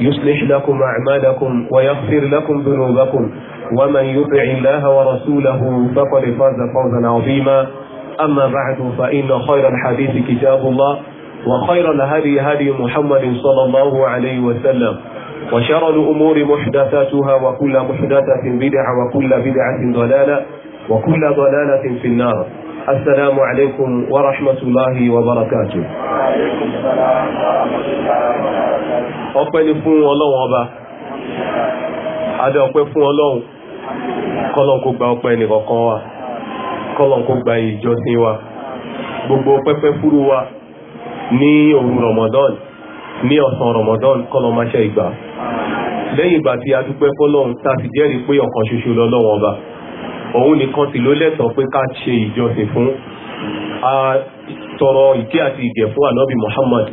يصلح لكم أعمالكم ويغفر لكم ذنوبكم ومن يطع الله ورسوله فقد فاز فوزا عظيما أما بعد فإن خير الحديث كتاب الله وخير الهدي هدي محمد صلى الله عليه وسلم وشر الأمور محدثاتها وكل محدثة بدعة وكل بدعة ضلالة وكل ضلالة في النار السلام عليكم ورحمة الله وبركاته ọpẹ́ ni fún ọlọ́run ọba adé ọpẹ́ fún ọlọ́run kọ́lọ̀n kó gba ọpẹ́ wa gbogbo pẹ́pẹ́ fúrú wa ní Ramadan ní Ramadan ìgbà ìgbà tí a dúpẹ́ fọ́lọ́run tá a ti pé ọba òun nìkan sì ló lẹ́tọ̀ọ́ pé ká ṣe ìjọsìn fún a tọrọ ìkẹ́ àti ìgẹ̀ fún ànábì Muhammad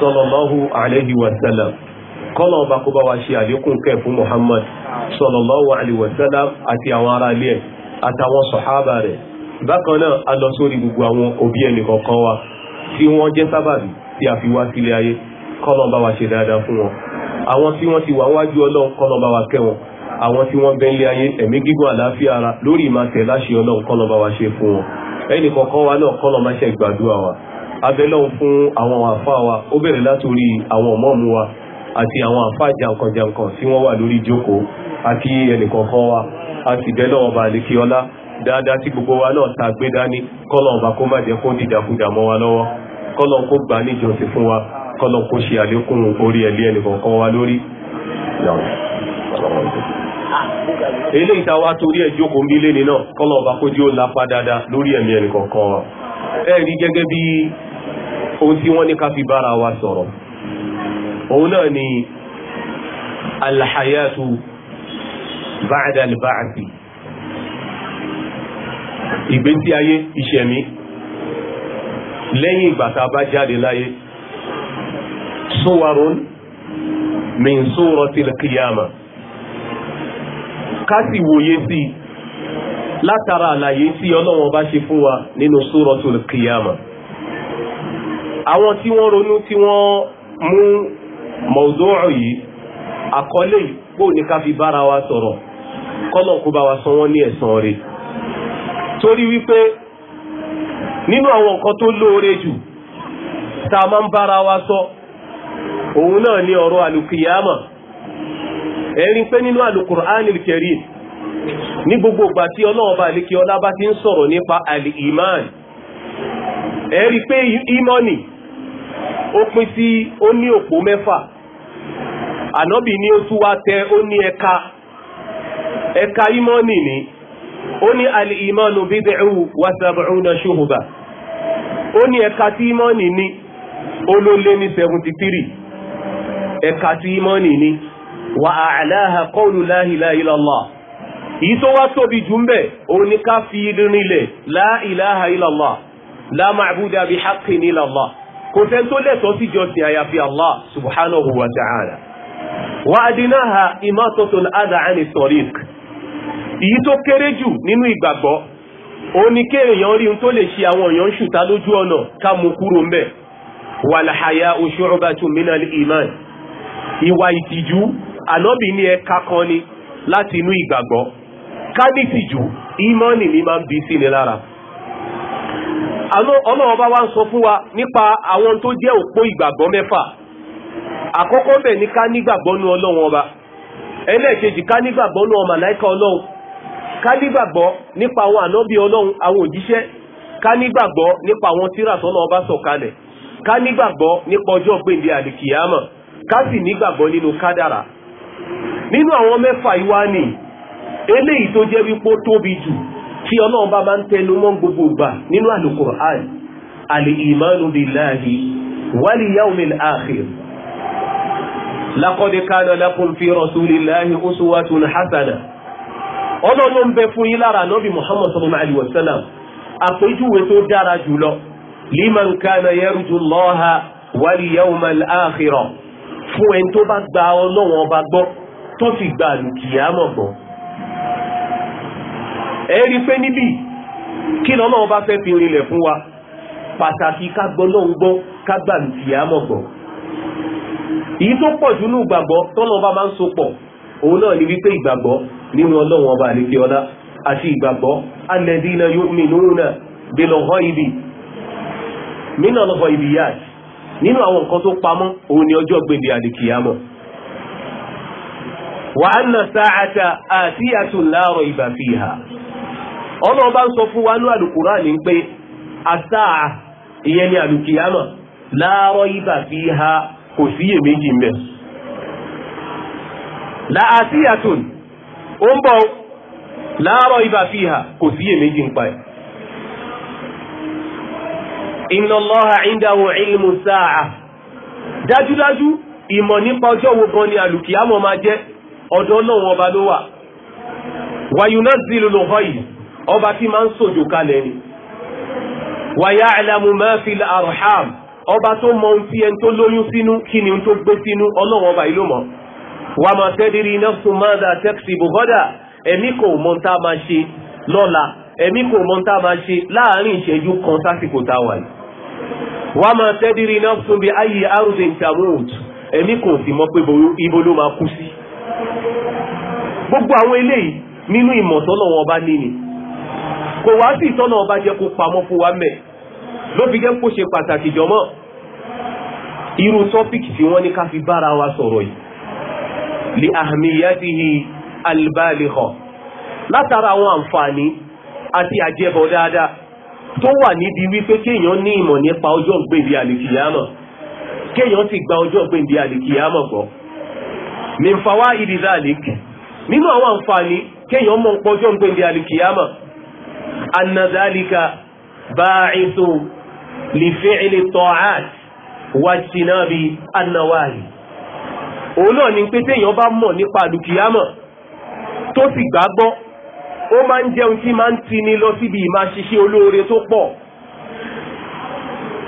sallallahu alayhi wa sallam kọ́lọ̀ ọba kó bá wa ṣe àlékún kẹ́ fún Muhammad sallallahu alayhi wa sallam àti àwọn ará ilé àtàwọn sọ̀hábà rẹ̀ bákan náà a lọ sórí gbogbo àwọn òbí ẹnì kọ̀ọ̀kan wa tí wọ́n jẹ́ a fi wá sílé ayé kọ́lọ̀ ọba wa ṣe àwọn tí wọ́n bẹ ń lé ayé ẹ̀mí gígùn àlàáfíà ara lórí ìmàtẹ̀ láṣẹ ọlọ́run kọ́ wa ṣe fún wọn ẹnì kọ̀ọ̀kan wa náà kọ́ lọ́ba ṣe gbàdúrà wa abẹ́lọ́run fún àwọn àfa wa ó bẹ̀rẹ̀ látòrí àwọn ọ̀mọ́ọ̀mù wa àti àwọn àfa jàǹkànjàǹkàn tí wọ́n wà lórí ìjókòó àti ẹnì kọ̀ọ̀kan wa àti bẹ́lọ́run ọba àlekí ọlá dáadáa tí gbogbo wa náà ta gbé dání kọ́lọ̀ ọba kó wa lọ́wọ́ kọ́lọ̀ kó gbà níjọsìn fún wa kọ́lọ̀ kó ṣe àlékún wa lórí eléyìí tá a wá torí ẹ̀ jókòó ń bí lé ní náà kọ́lọ̀ ọba kó jí ó lápá dáadáa lórí ẹ̀mí ẹnì kọ̀ọ̀kan wa ẹ rí gẹ́gẹ́ bí ohun tí wọ́n ní ká fi bára wa sọ̀rọ̀ òun náà ni alhayatu ba'da al-ba'thi ìgbésí ayé ìṣẹ̀mí lẹ́yìn ìgbà tá jáde láyé suwarun min surati al-qiyamah ká sì wòye sí i látara àlàyé tí ọlọ́wọ́n bá ṣe fún wa nínú suratul qiyama àwọn tí wọ́n ronú tí wọ́n mú mọ̀ọ́dọ́rọ̀ yìí àkọlé nika ní ká fi bára wa sọ̀rọ̀ kọ́lọ̀ kó bá wa sọ wọ́n ní ẹ̀san rẹ̀ torí wípé nínú àwọn nǹkan tó lóore jù tá a máa ń bára wa sọ òun náà ni ọ̀rọ̀ àlùkìyàmà ẹ̀rí pé nínú alukur'an al-karim ní gbogbo ìgbà tí ọlọ́ọ̀bá àlékí ọlá bá ti ń sọ̀rọ̀ nípa al-iman ẹ̀rí pé imani ó pín sí ó ní òpó mẹ́fà ànábì ní ó tún wá tẹ ó ní ẹ̀ka ẹ̀ka imani ni ó ní al-imanu bid'u wa sab'una shu'ba ó ní ẹ̀ka tí imani ni ó ló lé ní 73 ẹ̀ka tí imani ni wà àláha qawlu la ilaha illallah èyí tó wá tóbi jù ń bẹ̀ òun ni ká fi rinrinlẹ̀ la ilaha illallah la ma'buda bi haqqin illallah kò sẹ́ni tó lẹ́tọ̀ọ́ sí jọ́sìn àyàfi allah subhanahu wa ta'ala wa adinaha imatatul adha ani tariq èyí tó kéré jù nínú ìgbàgbọ́ òun ni rí tó lè ṣe àwọn èèyàn ṣùtá lójú ọ̀nà ká mú kúrò ń bẹ̀ wal haya'u shu'batun minal iman ìwà ìtìjú ànábì ní ẹ̀ka kan ni láti inú ìgbàgbọ́ kádìsì jù ìmọ́nì ní máa ń bí sí ni lára bá ń sọ fún wa nípa àwọn tó jẹ́ òpó ìgbàgbọ́ mẹ́fà àkọ́kọ́ bẹ̀ ní ká nígbàgbọ́ ọlọ́run ọba ẹlẹ́ẹ̀kejì ká nígbàgbọ́ ọmọ àláìka ọlọ́run ká nípa àwọn ànábì ọlọ́run àwọn òjíṣẹ́ ká nípa àwọn nínú àwọn mẹ́fà ìwá ni eléyìí tó jẹ́ wípó tóbi jù tí ọlọ́run bá máa ń tẹnu mọ́ gbogbo ìgbà nínú Al-Qur'an al-imanu billahi wal yawmil akhir laqad kana lakum fi rasulillahi uswatun hasana ọlọ́run ń bẹ fún yín lára nọ́bì Muhammad sallallahu alayhi sallam àpèjúwe tó dára jùlọ fún ẹni tó bá gba ọlọ́wọ́n ọba gbọ́ tó sì gba àlùkìyàmọ̀ gbọ́ ẹ rí pé níbí kí lọ́nà ọba fẹ́ fi rinlẹ̀ fún wa pàtàkì ká gbọ́ lọ́hùn gbọ́ ká ni wípé ìgbàgbọ́ nínú ọlọ́wọ́n ọba àlekè ọlá àti ìgbàgbọ́ alẹ́dínà yu'minuna bil ghaibi min al nínú àwọn nǹkan tó pamọ́ òun ni ọjọ́ gbèdé àdìkìyàmọ̀ wà á nà sáàtà àti àtúnláàrọ̀ ìbà fi hà bá ń wa ní pé àsáà ni àlùkìyàmọ̀ láàrọ̀ ìbà fi ha kò síyè méjì ń bẹ àtún ó ń bọ̀ láàrọ̀ ìbà fi hà kò méjì ń pa inna Allaha indahu ilmu sa'a dájúdájú ìmọ̀ nípa ọjọ́ wo gan ni àlùkìyàmọ̀ máa jẹ́ ọ̀dọ̀ náà wọn ọba ló wà wa yunazzilu al-ghayth ọba tí máa ń sòjò kalẹ̀ ni wa ya'lamu ma fil arham ọba tó mọ ohun tí ẹni tó lóyún sínú kí ni ohun tó gbé sínú ọlọ́wọ́n ọba ìlú mọ̀ wa ma tadri nafsun madha taksibu ghadan ẹ̀mí kò mọ̀ tá a máa ṣe lọ́la ẹ̀mí kò mọ̀ tá a máa ṣe láàárín ìṣẹ́jú kan sásìkò tá a wà yìí wàá máa tẹ́dírí náà tún bí ayé arúgbó ìtàmúhùn ẹ̀mí kò sì mọ̀ pé ibo ló máa kú sí gbogbo àwọn eléyìí nínú ìmọ̀tọ́nà wọn bá níni kò wá sí ìtọ́nà ọba jẹ́ kó pamọ́ fún wa mẹ́ ló fi jẹ́ kó ṣe pàtàkì jọmọ́ irú tọ́píkì tí wọ́n ní ká fi bára wa sọ̀rọ̀ yìí li ahmiyatihi albaligha látara àwọn àǹfààní àti àjẹbọ dáadáa tó wà níbi wípé kéèyàn ní ìmọ̀ nípa ọjọ́ gbèndé àlìkìyàmọ̀ kéèyàn ti gba ọjọ́ gbèndé àlìkìyàmọ̀ gbọ́ mìfàwá ìdìdá àlìkì nínú àwọn àǹfààní kéèyàn mọ̀ nípa ọjọ́ gbèndé àlìkìyàmọ̀ anadalika báàìtò lìfẹ́ẹ̀lì tọ́àt wàjìnàbí anáwáyì òun náà ni pé téèyàn bá mọ̀ tó sì gbàgbọ́ ó máa ń jẹun tí máa ń tini lọ síbi ìmá ṣiṣẹ́ olóore tó pọ̀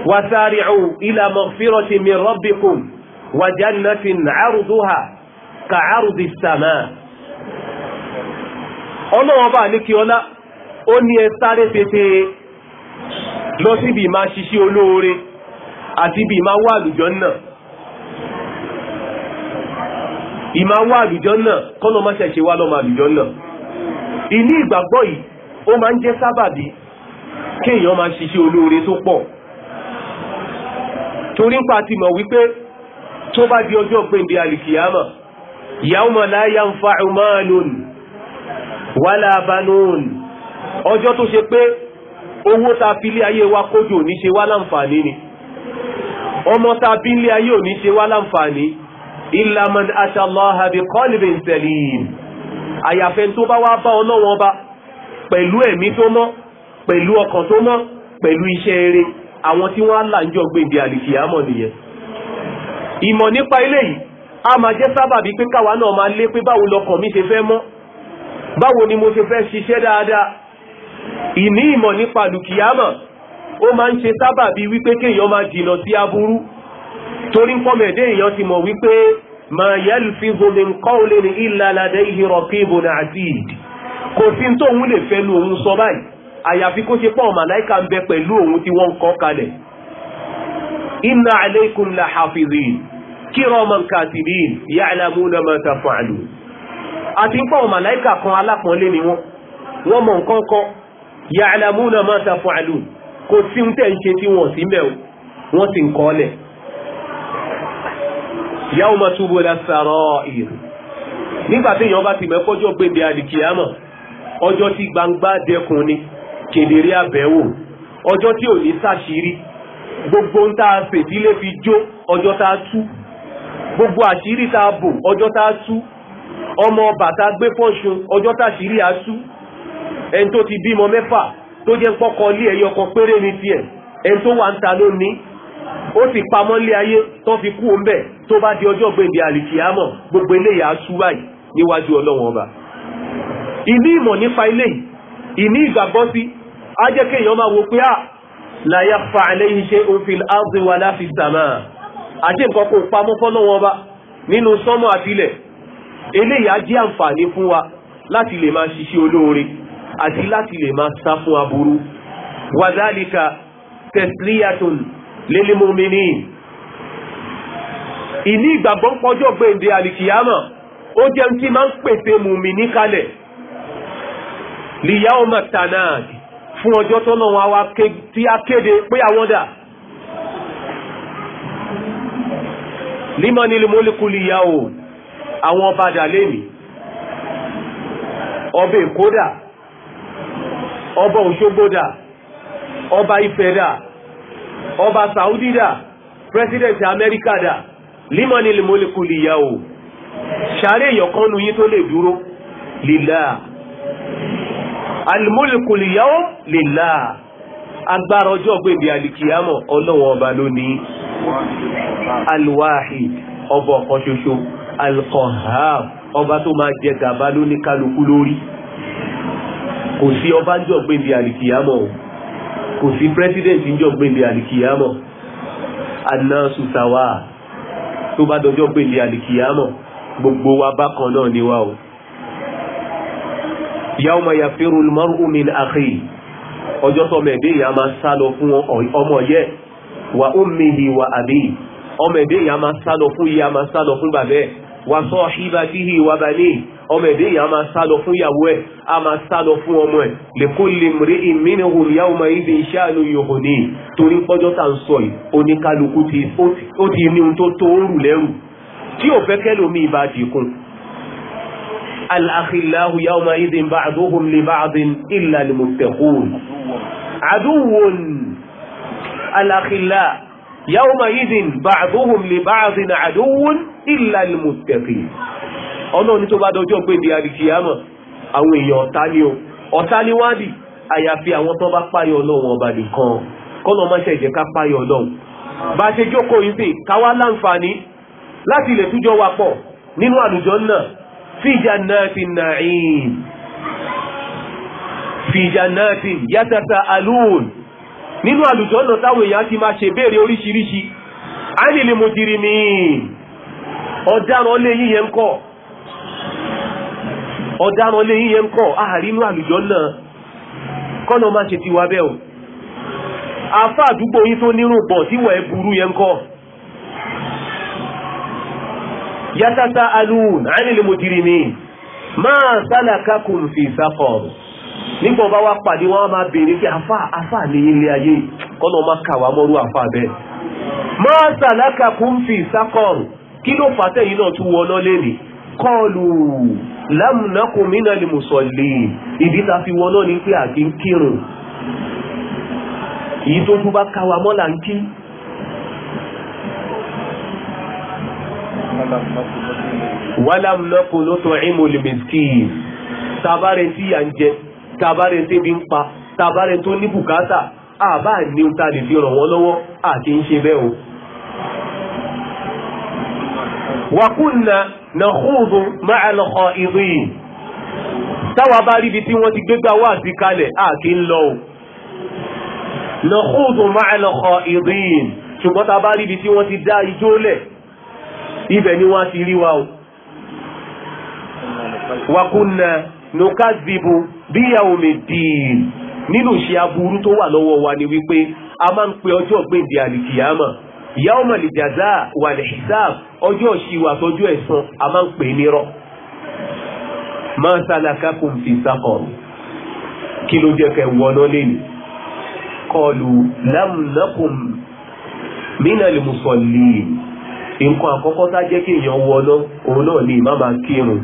wasari'u ila maghfirati min rabbikum wa jannatin 'arduha ka'ardi ka samaa ọlọ́wọ́n bá ní kí ọlá ó ní ẹ sáré tètè lọ síbi ìmá ṣiṣẹ́ olóore àti ibi ìmá wà lùjọ́ náà ìmá wà lùjọ́ náà kọ́nà má ṣẹ̀ṣẹ̀ wá lọ́mọ náà ìní ìgbàgbọ́ yìí ó máa ń jẹ́ sábàbí kéèyàn máa ṣiṣẹ́ olóore tó pọ̀ torí ń pa ti mọ̀ wípé tó bá di ọjọ́ péńdé alìkìyàmọ̀ yawma la yanfa'u malun wala banun ọjọ́ tó ṣe pé owó ta fi lé ayé wa kójú ò ní ṣe wá láǹfààní ni ọmọ ta bí lé ayé ò ní ṣe wá láǹfààní illa man atallaha bi àyàfẹ́ tó bá wá bá ọlọ́wọ́n ọba pẹ̀lú ẹ̀mí tó mọ́ pẹ̀lú ọkàn tó mọ́ pẹ̀lú iṣẹ́ eré àwọn tí wọ́n á là ń jọ gbé ìdí àlìkìyàmọ̀ nìyẹn ìmọ̀ nípa ilé yìí a máa jẹ́ sábàbí pé káwa náà máa lé pé báwo lọkàn mi ṣe fẹ́ mọ́ báwo ni mo ṣe fẹ́ ṣiṣẹ́ dáadáa ìní ìmọ̀ nípa àlìkìyàmọ̀ ó máa ń ṣe sábàbí wípé kéèyàn máa jìnnà sí aburú torí ń pọ́mẹ̀dé èèyàn ti mọ̀ wípé ma yalfizu min qawlin illa ladayhi raqibun atid kò sí tó òun lè fẹ́ lu òun sọ báyìí àyàfi kó ṣe pọ́n màláìka ń bẹ pẹ̀lú òun tí wọ́n ń kọ́ kalẹ̀ inna alaykum la hafizin kiraman katibin ya'lamuna ma taf'alun àti pọ́n màláìka kan alápọ̀nlé ni wọ́n wọ́n mọ̀ nǹkan kan ya'lamuna ma taf'alun kò sí ń tẹ̀ ń ṣe tí wọ́n sí mẹ́wọ́ wọ́n sì ń yawma tubla sarair nígbà tí èèyàn bá ti mẹ́kọ́jọ́ gbèdé àdìkìyàmọ̀ ọjọ́ tí gbangba dẹkùn ni kedere àbẹ̀wò ọjọ́ tí ò ní sàṣírí gbogbo ń tá a fètílé fi jó ọjọ́ tá a tú gbogbo àṣírí tá a bò ọjọ́ tá a tú ọmọ bàtà gbé fọ́nṣun ọjọ́ tá àṣírí a tú ẹni tó ti bímọ mẹ́fà tó jẹ́ pọ́kọ ilé ẹ̀yọkan péré ní tiẹ̀ ẹni tó wà ń ta ló ní ó sì pamọ́ lé ayé tó fi kú òun bẹ̀ tó bá di ọjọ́ gbèǹde àlìkìyàmọ̀ gbogbo eléyà á sú báyìí níwájú ọlọ́wọ́n ọba ìní ìmọ̀ nípa eléyìí ìní ìgbàgbọ́ sí á jẹ́ kéèyàn máa wo pé à ah, la yakhfa alayhi shay'un fil ardi wala fis samaa àti nǹkan kò pamọ́ fọ́lọ́wọ́n ọba nínú sánmọ̀ àtilẹ̀ eléyìí á jẹ́ àǹfààní fún wa láti lè máa ṣiṣẹ́ olóore àti láti lè máa sá fún aburú wàdálìkà tẹ̀síríyàtùn lélẹ́mọ́mìnì ìní ìgbàgbọ́ pọ́jọ́ gbèǹde àlìkìyámà ó jẹ́ ń tí máa ń pèsè mùmìnì kalẹ̀ lìyá ọmọ tànáàdì fún ọjọ́ tọ́nà wọn wá tí a kéde pé àwọn dà límọ̀nì mọ́lẹ́kù lìyá o àwọn ọba dà ọba èkó ọba òṣogbo ọba Saudi da, president America da, limani limoleku liya o ṣàárẹ̀ èèyàn kan nu yín tó lè dúró lílà alimoleku liya o lílà agbára ọjọ́ gbèbí alikiyamọ ọlọ́wọ́n ọba lónìí alwahid ọba ọ̀kan ṣoṣo alkohab ọba tó máa jẹ gàba lóní kálukú lórí kò sí ọba ń jọ alikiyamọ o kò sí president ń jọ gbélé àlìkìyàmọ̀ anáṣù sàwà tó bá dọjọ́ gbélé àlìkìyàmọ̀ gbogbo wa bákan náà ni wa o yawma yafiru almar'u min akhi ọjọ́ tó mẹ́dé máa sá lọ fún ọmọ yẹ wa ummihi wa abi ọmọ ẹ̀dẹ́ ìyá máa sá lọ fún ìyá máa sá lọ fún bàbẹ́ wa sahibatihi wa bani ọmọ ẹ̀dẹ́ yìí a máa sá lọ fún ìyàwó ẹ̀ a máa sá lọ fún ọmọ ẹ̀ lè kó lè mèrè ìmínà òun ìyá ọmọ ibi iṣẹ́ àlò yòhò ní torí pọ́jọ́ tá ń sọ yìí oníkálukú ti ó ti ní ohun tó tó rù lẹ́rù tí ò fẹ́ kẹ́lòmí ìbá dìkun al-akhillahu yawma idhin ba'duhum li ba'din illa al-muttaqun aduwwun al-akhillahu yawma idhin ba'duhum li ba'dhin aduwwun illa al-muttaqin ọ̀nà ní tó bá dọjọ́ pé di àríkìyàmọ̀ àwọn èèyàn ọ̀tá ni o ọ̀tá ni wá dì àyàfi àwọn tó bá páyọ ọlọ́run ọba nìkan kọ́nà má ṣe jẹ́ ká ọlọ́run bá ṣe jókòó yìí sí káwá láǹfààní láti ilẹ̀ tújọ́ wa pọ̀ nínú àlùjánnà fi jannatin na'im nínú àlùjọ́nà táwọn èèyàn ti máa ṣe béèrè oríṣiríṣi ánìlì mùdìrì mi ọ̀daràn lé yíyẹn ń kọ́ ọ̀daràn lé yíyẹn ń kọ́ àárínú àlùjọ́nà kọ́nà máa ṣe ti wá bẹ́ẹ̀ o afá àdúgbò yín tó nírùn bọ̀ tí wọ́n ẹ burú ń kọ́ yàtàtà alùn ánìlì mùdìrì mi máa sálàkákùn fi sáfọ̀rù nígbà wọn bá wá pàdé wọn máa béèrè pé afá afá ní ilé ayé kọ́nà máa kà wá mọ́rú afá bẹ́ẹ̀. máa sàlákà kún fi sákọ̀rù kí ló fà tẹ̀yìn náà tún wọná lẹ́nìí kọ́ọ̀lù lámùnákùn mínà lè mùsọ̀lì ìdí ta fi wọná ni pé àti ń kírun èyí tó tún bá ká mọ́ là ń kí. wàlámùnákùn ló tọ́ ìmùlùmísìkì tábàrẹ̀ tí à ń jẹ tàbárẹ̀ tí bí ń pa tàbárẹ̀ tó ní bùkátà àbá ní ta lè fi ràn wọ́n lọ́wọ́ àti ń ṣe bẹ́ẹ̀ o. wàkúnnà nàkúùdù máa lọ kọ ìrì yìí táwa bá ríbi tí wọ́n ti gbégbá wá sí kalẹ̀ àti ń lọ o. nàkúùdù máa lọ kọ ìrì yìí ṣùgbọ́n tá bá ríbi tí wọ́n ti dá ijó lẹ̀ ibẹ̀ ni wọ́n ti rí wa o. wàkúnnà nùkàzìbù. bí ìyàwó mi nínú ìṣe tó wà lọ́wọ́ wa ni wípé a máa ń pe ọjọ́ gbèǹde àlìkìyàmà ìyàwó màlìjàzá wà lè hisab ọjọ́ ìṣìwà tọ́jú ẹ̀san a máa ń pè é nírọ́ máa sálàkà kò fi saqar kí ló jẹ́ kẹ́ wọná lẹ́nu kọlu lámùnákùn mínàlì mùsọ̀lì nǹkan àkọ́kọ́ tá jẹ́ kí èèyàn òun náà kírun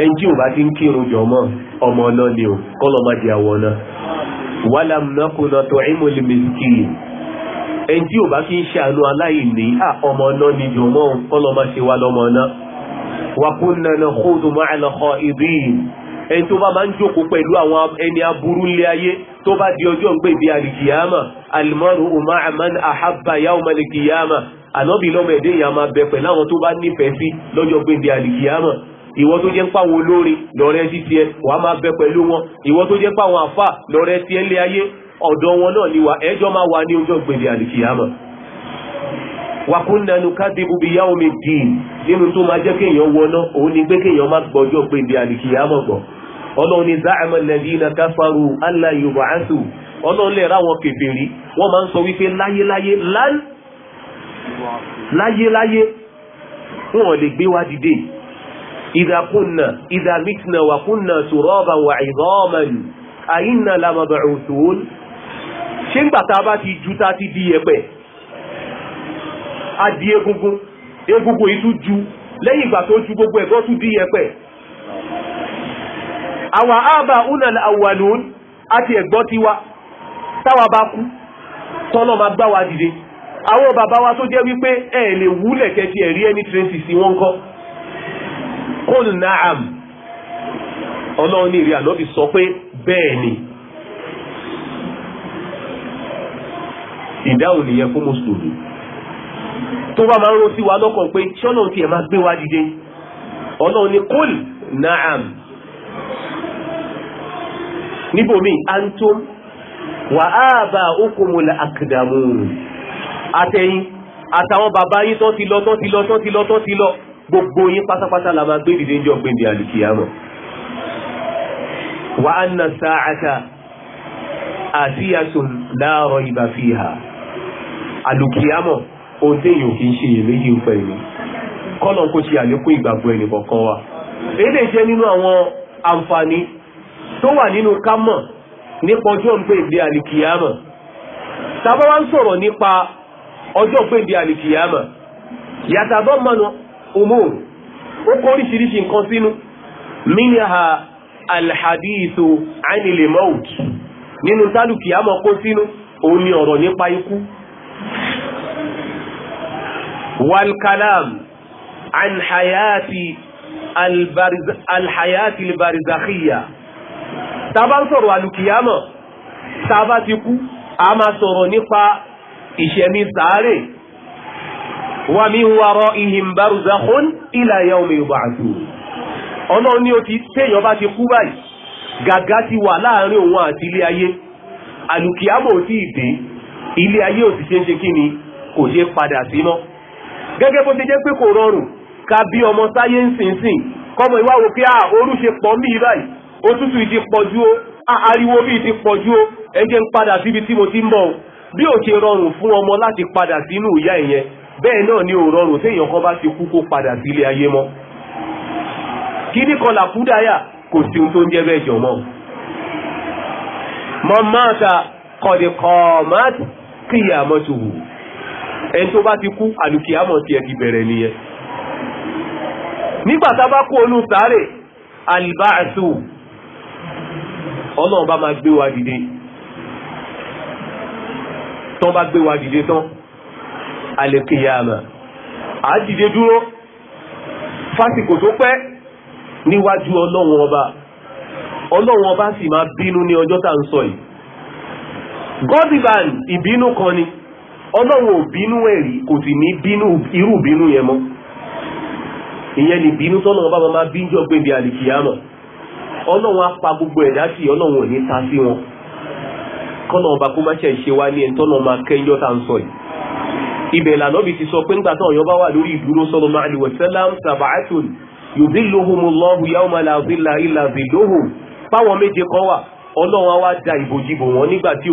ẹnjí ò bá ti ń kírun jọ mọ́ ọmọ náà ni ò kọ́lọ̀ má di àwọn náà wàlám náà tó ẹ̀mọ́ lè ẹnjí ò bá fi ń ṣàánú aláìní ọmọ náà ni jọ mọ́ kọ́lọ̀ má ṣe wá lọ́mọ náà wàkúnnà náà kóòdù má àlọ́kọ́ ìbí ẹni tó bá máa ń jókòó pẹ̀lú àwọn aman ahabba yawma alìkìyàmà ànábì lọ́mọ ẹ̀dẹ́ ìyá máa bẹ pẹ̀lú àwọn tó bá nífẹ̀ẹ́ sí lọ́jọ́ gbé ìdí alìkìyàmà ìwọ tó jẹ́ ń pàwọn olórin lọ́rẹ́ títí ẹ wàá máa bẹ pẹ̀lú wọn ìwọ tó jẹ́ ń pàwọn àfà lọ́rẹ́ tí lé ayé ọ̀dọ̀ wọn náà ni wà ẹjọ́ máa wà ní ọjọ́ gbèdé àlìkìyàmọ̀ wàkúnnanu kádìbù bíi yáwó mi dì í nínú tó máa jẹ́ kéèyàn wọná òun ni pé kéèyàn má gbọ́jọ́ gbèdé àlìkìyàmọ̀ gbọ́ ọlọ́run ni záàmù lẹ́dínà káfàrú aláyùbáṣù ọlọ́run lè ráwọn kèfèrí wọ́n máa ń wọn ò lè gbé wá dìde إذا كنا إذا متنا وكنا ترابا وعظاما أئنا لمبعوثون ṣé ńgbà tá a bá ti ju tá a ti di ẹ̀pẹ̀ a di egungun egungun yìí tún ju lẹ́yìn ìgbà tó ju gbogbo ẹ̀gbọ́n tún di ẹ̀pẹ̀ àwa àbá unal awalun àti ẹ̀gbọ́n tiwa táwa bá kú tọ́lọ́ máa gbá wa dìde àwọn bàbá wa tó jẹ́ wípé ẹ̀ lè wúlẹ̀ kẹ́ ti ẹ̀rí ẹni tírẹ́sì sí wọn kọ́ kóòlù naam ọlọ́run ní ìrìn ànábì sọ pé bẹ́ẹ̀ ni ìdáhùn nìyẹn fún mùsùlùmí tó bá máa ń rotí wa lọ́kàn pé ṣọ́nà tiẹ̀ máa gbé wa dìde ọlọ́run ní kóòlù naam níbòmí antum wà á bá okùnmù àkàdàmù àtẹ̀yìn àtàwọn bàbá yín tán ti lọ tán ti lọ tán ti lọ tán ti lọ. gbogbo yín pátápátá la máa gbé dìde jọ gbèdé àlùkìyàmọ̀ wa anna sa'ata àtiyatun la rayba fiha àlùkìyàmọ̀ ohun téèyàn kì í ṣe iyèméjì ń pẹ̀ ní kọ́nà kó ṣe àlékún ìgbàgbọ́ ẹnì kọ̀ọ̀kan wa èdè jẹ́ nínú àwọn àǹfààní tó wà nínú kámọ̀ nípa ọjọ́ ń pè dé àlùkìyàmọ̀ tábà wá ń sọ̀rọ̀ nípa ọjọ́ pè dé umur ó kó oríṣiríṣi nǹkan sínú minha alhadithu anil maut nínú tálùkì àmọ́ kó sínú òun ni ọ̀rọ̀ nípa ikú walkalam an hayati alhayati albarizakhiya tàbá ń sọ̀rọ̀ alùkìyàmọ̀ tàbá ti kú a máa sọ̀rọ̀ nípa ìṣẹ̀mí sàárè wa min waraihim barzakhun ila yawmi yub'athun ọlọ́run ní o ti téèyàn bá ti kú báyìí gàgá ti wà láàrin òun àti ilé ayé àlùkìyàmọ̀ ò tí ì dé ilé ayé ò sì ṣe ń ṣe kí kò ṣe padà sí mọ́ gẹ́gẹ́ bó ṣe jẹ́ pé kò rọrùn ká bí ọmọ sáyé ń sìn sìn kọ́mọ ìwà wò pé ooru ṣe pọ̀ mí báyìí òtútù ti pọ̀ ju o ariwo bíi ti pọ̀ ju o ẹ jẹ́ ń padà síbi tí mo ti ń bọ̀ bí ò ṣe rọrùn fún ọmọ láti padà sínú ìyá ìyẹn bẹ́ẹ̀ náà ni ò rọrùn téèyàn kan bá ti kú kó padà sí ilé ayé mọ́ kíní kan làkúdáyà kò sí ohun tó ń jẹ́ bẹ́ẹ̀ jọ mọ́ mọ́ máa ta kọ̀dìkọ̀ máa kíyà mọ́tò wù ẹni tó bá ti kú àlùkìyàmọ̀ tiẹ̀ ti bẹ̀rẹ̀ nìyẹn nígbà tá bá kú olú sáré alibáàtú ọlọ́run bá máa gbé wa dìde tán bá gbé wa dìde tán alẹ́kìyàmà a dìde dúró fásitì tó pẹ́ níwájú ọlọ́run ọba ọlọ́run ọba sì máa bínú ní ọjọ́ tá ń sọ kan ni ọlọ́run obinu ẹ̀rí kò sì ní bínú irú bínú yẹn mọ́ ìyẹn ni bínú tọ́lọ́run ọba máa bíjọ́ ọlọ́run gbogbo ẹ̀dá sí ọlọ́run ò ní ta sí wọn kọ́nà ọba kó má ṣe ṣe wá ibẹ̀ lànàbì ti sọ pé nígbà táwọn èèyàn bá wà lórí ìdúró sallallahu alaihi wasallam sàbàátùn yudhilluhumullahu yawma la dhilla illa dhilluhum páwọn méje kan wà ọlọ́run á wá da ìbòjìbò wọn nígbà tí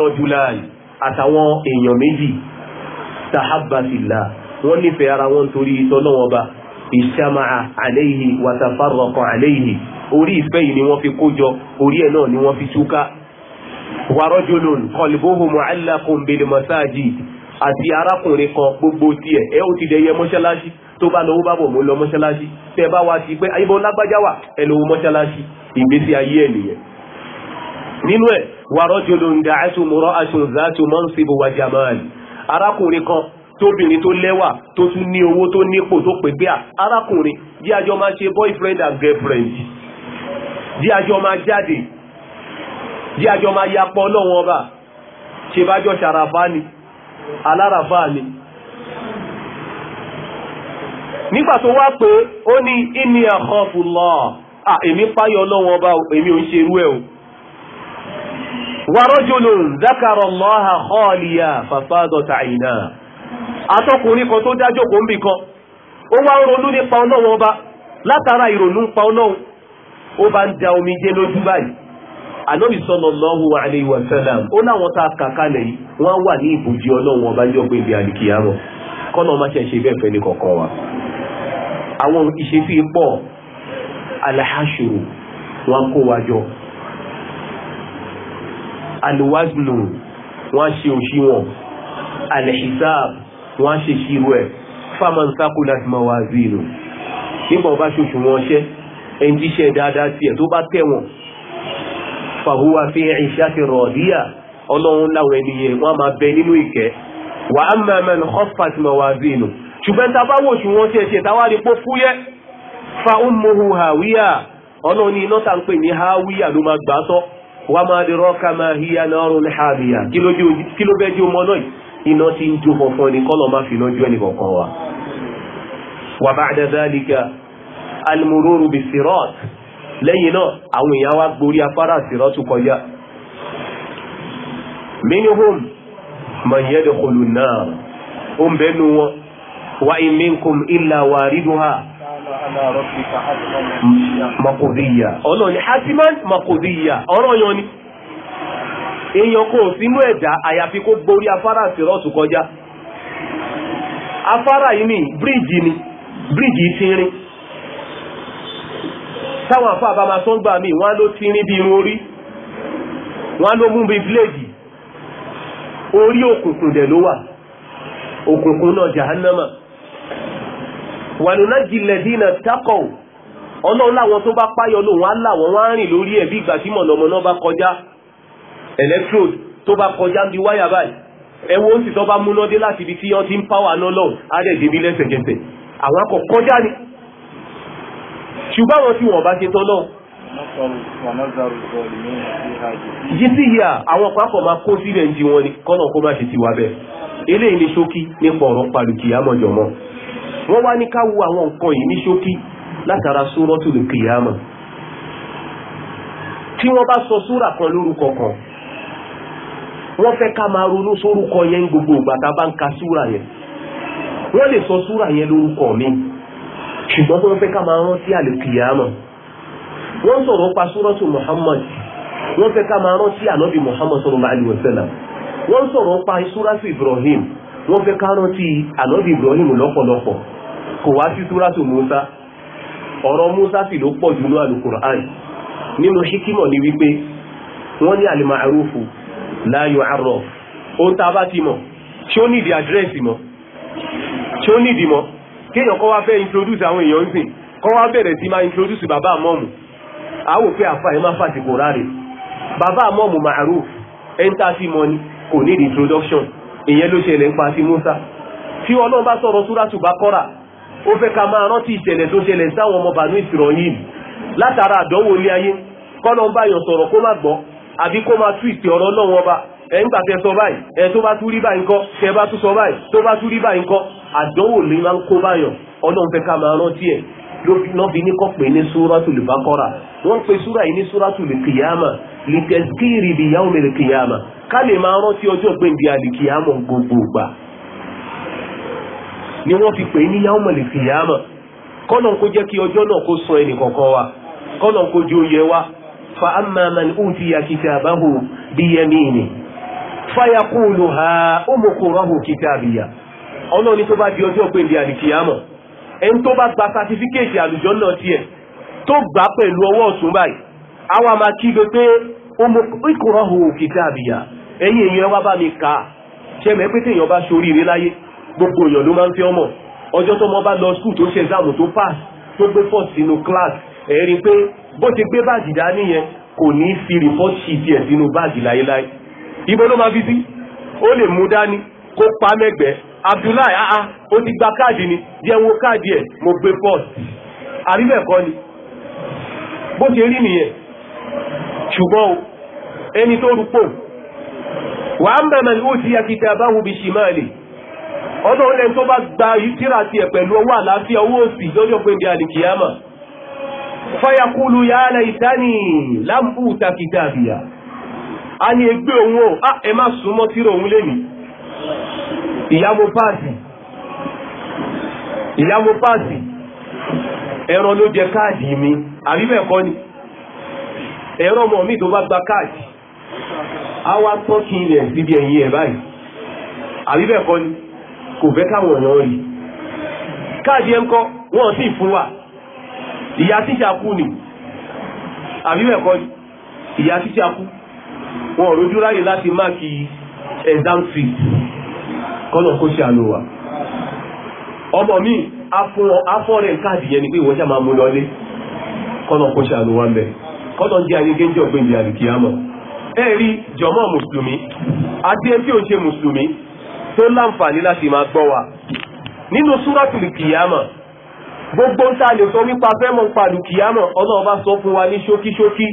ò àtàwọn èèyàn méjì tahabba fillah wọ́n nífẹ̀ẹ́ ara wọn torí ìtọ́lọ́wọ́n ọba ìṣàmàà àléhì wàtàfàrọ̀kọ̀ àléhì orí ìfẹ́ yìí ni wọ́n fi kójọ orí ẹ̀ náà ni wọ́n fi túká warọ́jọ́lọ́n kọlbóhùn mọ́álàkùn bèlè mọ́sáàjì àti arákùnrin kan gbogbo tiẹ̀ ẹ ó ti dẹyẹ mọ́ṣáláṣí tó bá lọ́wọ́ bá bọ̀ mọ́ lọ mọ́ṣáláṣí tẹ́ bá wá sí pé ayébọn lágbájá ẹ lọ́wọ́ mọ́ṣáláṣí ìgbésí ayé ẹ̀ nìyẹn nínú ẹ̀ warọ́jọ́lọ́n dàásùmọ́rọ́ àṣùnzáṣùmọ́nsìbò wàjàmáàlì arákùnrin kan tóbìnrin tó lẹ́wà tó tún ní owó tó nípò tó pè pé arákùnrin bí ajọ máa ṣe boyfriend and girlfriend bí ajọ máa jáde bí ajọ máa yapọ̀ ọlọ́wọ́n ọba ṣe bá jọ ṣàràfá ni aláràfá ni nígbà tó wá pé ó ní inni akhafullah à èmi páyọ ọlọ́wọ́n ọba èmi ò ń ṣe irú ẹ̀ o wa rajulun dhakara Allaha khaliya fafadat àtọkùnrin kan tó dájókòó ń bì kan ó wá ń ronú nípa ọlọ́run ọba látara ìrònú ń pa ọlọ́run ó bá ń da omi jẹ lójú báyìí ànábì sallallahu alayhi wa sallam ó láwọn a yìí wọ́n wà ní ìbòjì ọlọ́run ọba yọ ibi kọ́nà ṣe ṣe bẹ́ẹ̀ ní kọ̀ọ̀kan wa àwọn ìṣesí pọ̀ wọn kó ṣe òṣìwọ̀n wọ́n á ṣe ṣírò ẹ̀ fáman sákúlà mawazinu nígbà wọ́n ṣoṣù wọn ṣẹ́ ẹni tíṣẹ́ dáadáa tiẹ̀ tó bá tẹ̀wọ̀n fàhùwà fi ìṣàti rọ̀díyà ọlọ́run láwọn ẹni yẹn wọ́n máa bẹ nínú ìkẹ́ wà á máa ṣùgbọ́n tá a bá wọn ṣe ṣe fa umuhu hawiya ọlọ́run iná ní hawiya ló máa gbà máa máa hiya náà rún ní hawiya kí ló bẹ́ẹ̀ di iná tí ń jó fọfọ ni kọ́lọ̀ má fi iná jó ẹnì kọ̀ọ̀kan wa. wa ba'da dhalika al-mururu bis-sirat lẹ́yìn náà àwọn èèyàn wá gborí afárá siratu kọjá. minhum man yadkhulu an ń bẹ́nu wọn wa in minkum illa wariduha maqdiyya ọlọ́ni hasiman maqdiyya ọ̀rọ̀ yan ni. èèyàn kò mú ẹ̀dá àyàfi kó borí afárá àsìrọ́ọ̀tù kọjá afárá yìí ni bíríìjì ni bíríìjì tínrín táwọn afọ àbámá tó ń gbà mí wọ́n ló tínrín bí irun orí wọ́n ló mú bí bíléèdì orí òkùnkùn dẹ̀ ló wà òkùnkùn náà jahannama dínà tákọ̀ ọlọ́run láwọn tó bá páyọ á láwọn á rìn lórí ẹ̀ bí ìgbà tí bá kọjá electrode tó bá kọjá bí wáyà báyìí ẹwọ́ ó sì tọ́ bá múná dé láti ibi tí wọ́n ti ń pàwà náà lọ́wọ́ adẹ́dẹ́ bí lẹ́sẹ̀kẹsẹ̀ àwọn akọ̀ kọjá ni ṣùgbọ́n àwọn tí wọ́n bá ṣe tán náà. yìí sí ìyá àwọn pápọ̀ máa kó sílẹ̀ ń jí wọn ni kọ́nà kó má ṣe ti wá bẹ́ẹ̀ eléyìí ní ṣókí nípa ọ̀rọ̀ pàlùkì àmọ́jọ̀mọ́ wọ́n wá ní ká àwọn nǹkan yìí ní ṣókí látara sórọ́tù lè kìyàmọ̀ tí wọ́n bá sọ súrà kan lórúkọ kan wọ́n fẹ́ ká máa ronú sórúkọ yẹn gbogbo ìgbà tá a bá ń ka súra yẹn wọ́n lè sọ súra yẹn lórúkọ mi ṣùgbọ́n wọ́n fẹ́ ká máa rántí wọ́n sọ̀rọ̀ pa súrọ́tù Muhammad wọ́n fẹ́ ká máa rántí ànábì Muhammad lè alaihi náà wọ́n sọ̀rọ̀ pa súrọ́tù Ibrahim wọ́n fẹ́ ká rántí Ibrahim lọ́pọ̀lọpọ̀ kò wá sí Musa ọ̀rọ̀ Musa sì ló pọ̀ nínú ṣíkímọ̀ ni wípé wọ́n láyọ̀ àrọ̀ ó tá a bá ti mọ̀ ṣé ó nídìí àdírẹ́sì mọ̀ ṣé ó nídìí mọ̀ kéèyàn kọ́ wá fẹ́ introduce àwọn èèyàn ń sìn kọ́ wá bẹ̀rẹ̀ sí máa introduce bàbá àmọ́ọ̀mù àwò pé àfa ẹ̀ máa fàṣìkò ráre bàbá àmọ́ọ̀mù ma'ruf ẹ́ńtà sí mọ́ ni kò di introduction ìyẹn ló ṣẹlẹ̀ ń pa sí Musa tí ọlọ́run bá sọ̀rọ̀ súrátù bá kọ́ra ó fẹ́ ká máa rántí ìṣẹ̀lẹ̀ tó ṣẹlẹ̀ sáwọn ọmọ bàánú ìsìrọ̀ yìí látara àdánwò ilé ayé kọ́nà ń báyọ̀ sọ̀rọ̀ kó má gbọ́ àbí kó máa twist ìpè ọ̀rọ̀ náà wọn bá ẹ ń gbàtẹ sọ báyìí ẹ tó bá tún rí báyìí ńkọ́ tẹ bá tún sọ báyìí tó bá tún rí báyìí ńkọ́ àdánwò lè máa ń kó báyọ̀ ọlọ́run fẹ́ ká máa lọ́ fi ní kọ́ pé ní wọ́n pe súra yìí ní súratul kìyàmà lìtẹ̀síkìrì bí yaumil kìyàmà ká lè máa ọjọ́ gbogbo gbà ni wọ́n fi pè ní kìyàmà kọ́nà kó jẹ́ فأما من أوتي كتابه بيمينه فيقول ها أمقره كتابيا ọlọ́run ní tó bá di ọjọ́ pé ní àlìkìyàmọ̀ ẹni tó bá gba sátifíkèètì àlùjọ náà tiẹ̀ tó gbà pẹ̀lú ọwọ́ ọ̀tún báyìí àwa máa kígbe pé ìkùrọ̀hù kitabiya ẹ̀yìn èèyàn wá bá mi kà á ṣẹ́mẹ̀ pé téèyàn bá ṣoríire láyé gbogbo èèyàn ló máa ń fẹ́ ọmọ ọjọ́ tó mọ́ bá lọ skul tó ṣe exam tó pass tó gbé fọ́ọ̀sì sínú class ẹ̀rí pé bó ṣe gbé báàgì dání yẹn kò ní fi report sheet ẹ̀ sínú báàgì láéláé ibo ló máa fi sí ó lè mú dání kó pa mẹ́gbẹ́ Abdullahi ah ah ó ti gba káàdì ni jẹ́ wo káàdì ẹ̀ mo gbé port àríbẹ̀kọ́ ni bó ṣe rí nìyẹn ṣùgbọ́n o ẹni tó rúpò wà á mẹ́mẹ́ ó ti akitẹ abáwo bí ṣì máa lè ọdún ọlẹ́ni tó bá gba ìtírà tiẹ̀ pẹ̀lú ọwọ́ àlàáfíà owó òsì lọ́jọ́ pé ní alìkìyàmà fayakulu ya laitani lam uta kitabiya a ní ẹgbẹ́ òun o a ẹ má súnmọ́ tírà òun lẹ́nu ìyàmú páàsì ìyàmú páàsì ẹran ló jẹ káàdì mi àbí bẹ́ẹ̀ kọ́ ni ẹ̀rọ ọmọ mi tó bá gba káàdì á wá tọ́kì ilẹ̀ síbi ẹ̀yìn ẹ̀ báyìí àbí kọ́ ni kò fẹ́ káwọn ọ̀nà rí káàdì ẹ̀ ń kọ́ wọ́n sì fún wa ìyá tíṣà kú ni àbí bẹ́ẹ̀ kọ́ ìyá tíṣà kú wọn ò ráyè láti máàkì exam fees kọ́nà kó ṣe àlò wa ọmọ mi afọ́rẹ̀ káàdì yẹn ni pé ìwọ́n ṣá máa mú lọlé kọ́nà kó ṣe àlò wa ń bẹ̀ kọ́nà jẹ́ àyíké jẹ́ ọ̀gbìn ìyàrí kìí àmọ́ ẹ rí jọmọ́ mùsùlùmí àti gbogbo ń ta lè sọ wípa fẹ́ mọ̀ ń pa lùkìyàmọ̀ ọlọ́run bá sọ fún wa ní ṣókíṣókí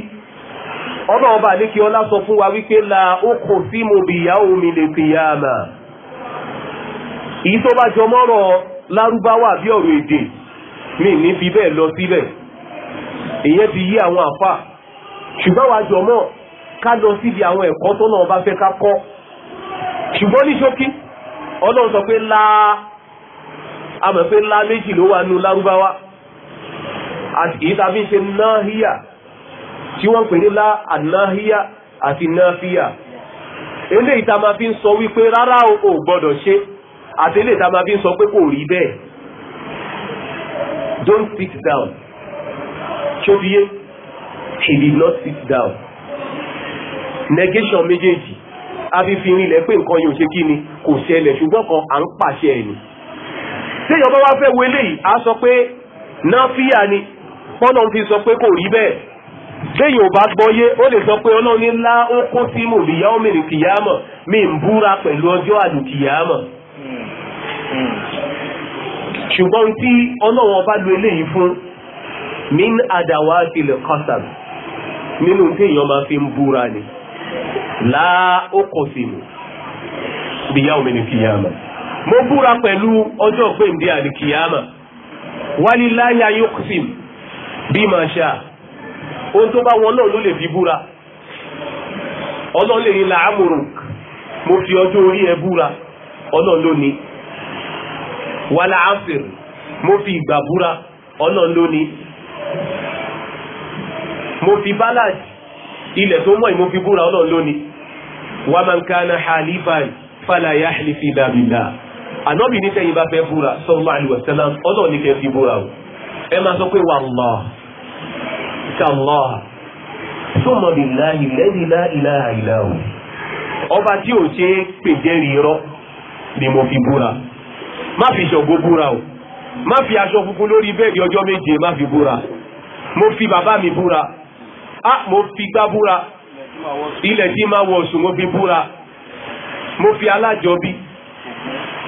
ọlọ́run bá ní kí ọlá sọ fún wa wípé la ó kò sí mo bìyà omi lè kìyàmà èyí tó bá mọ́rọ̀ lárúbáwá àbí ọ̀rọ̀ èdè mi ní fi bẹ́ẹ̀ lọ síbẹ̀ ìyẹn ti yí àwọn àfà ṣùgbọ́n wa jọ mọ́ ká lọ síbi àwọn ẹ̀kọ́ tó náà bá fẹ́ ká kọ́ ṣùgbọ́n ní ṣókí ọlọ́run sọ pé la a mọ̀ pé ńlá méjì ló wà nù lárúbáwá àti èyí tàbí ṣe náhíyà tí wọ́n pè ní lá ànáhíyà àti náfíyà eléyìí tá máa fi ń sọ wípé rárá o gbọ́dọ̀ ṣe àti eléyìí tá máa fi ń sọ pé kò rí bẹ́ẹ̀ don't sit down ṣóbiyé he did not sit down negation méjèèjì a fi fi rinlẹ̀ pé nǹkan yóò ṣe kí ni kò ṣẹlẹ̀ ṣùgbọ́n kan à ń pàṣẹ ẹ̀ ni tí èèyàn bá wá fẹ́ wọlé yìí á sọ pé náfíà ni pọ́nà fi sọ pé kò rí bẹ́ẹ̀ téèyàn ò bá gbọ́yé ó lè sọ pé ọlọ́run ní ńlá ó kó sí mò bíyá ó mìíràn kìyàmọ̀ mi ń búra pẹ̀lú ọjọ́ àlùkìyàmọ̀ ṣùgbọ́n tí ọlọ́run ọba lu eléyìí fún min àdàwà tilẹ̀ kọ́sàm nínú téèyàn máa fi ń búra ni láà ó kó sí mò bíyá kìyàmọ̀. mo búra pẹ̀lú ọjọ́ gbèǹde àlìkìyàmà wálíláyà yókùsìm bí màá ṣá ohun tó bá wọn náà ló lè fi búra ọlọ́run lè ní mo fi ọjọ́ orí ẹ búra ọlọ́run loni ní mo fi ìgbà búra mo fi balaj ilẹ̀ tó mọ̀ mo fi búra ọlọ́run ló ní wàmàǹkà fàlàyé àhìlì ànábì ní sẹ́yìn bá fẹ́ búra sallallahu alaihi wasallam ọ̀dọ̀ ní kẹ́ fi búra o ẹ máa la ilaha illa hu ọba tí ò ṣe pèjẹ́rì irọ́ ni mo fi búra má fi ṣọ̀gbó búra o ah mo fi gbá búra ilẹ̀ tí máa wọ̀ sùn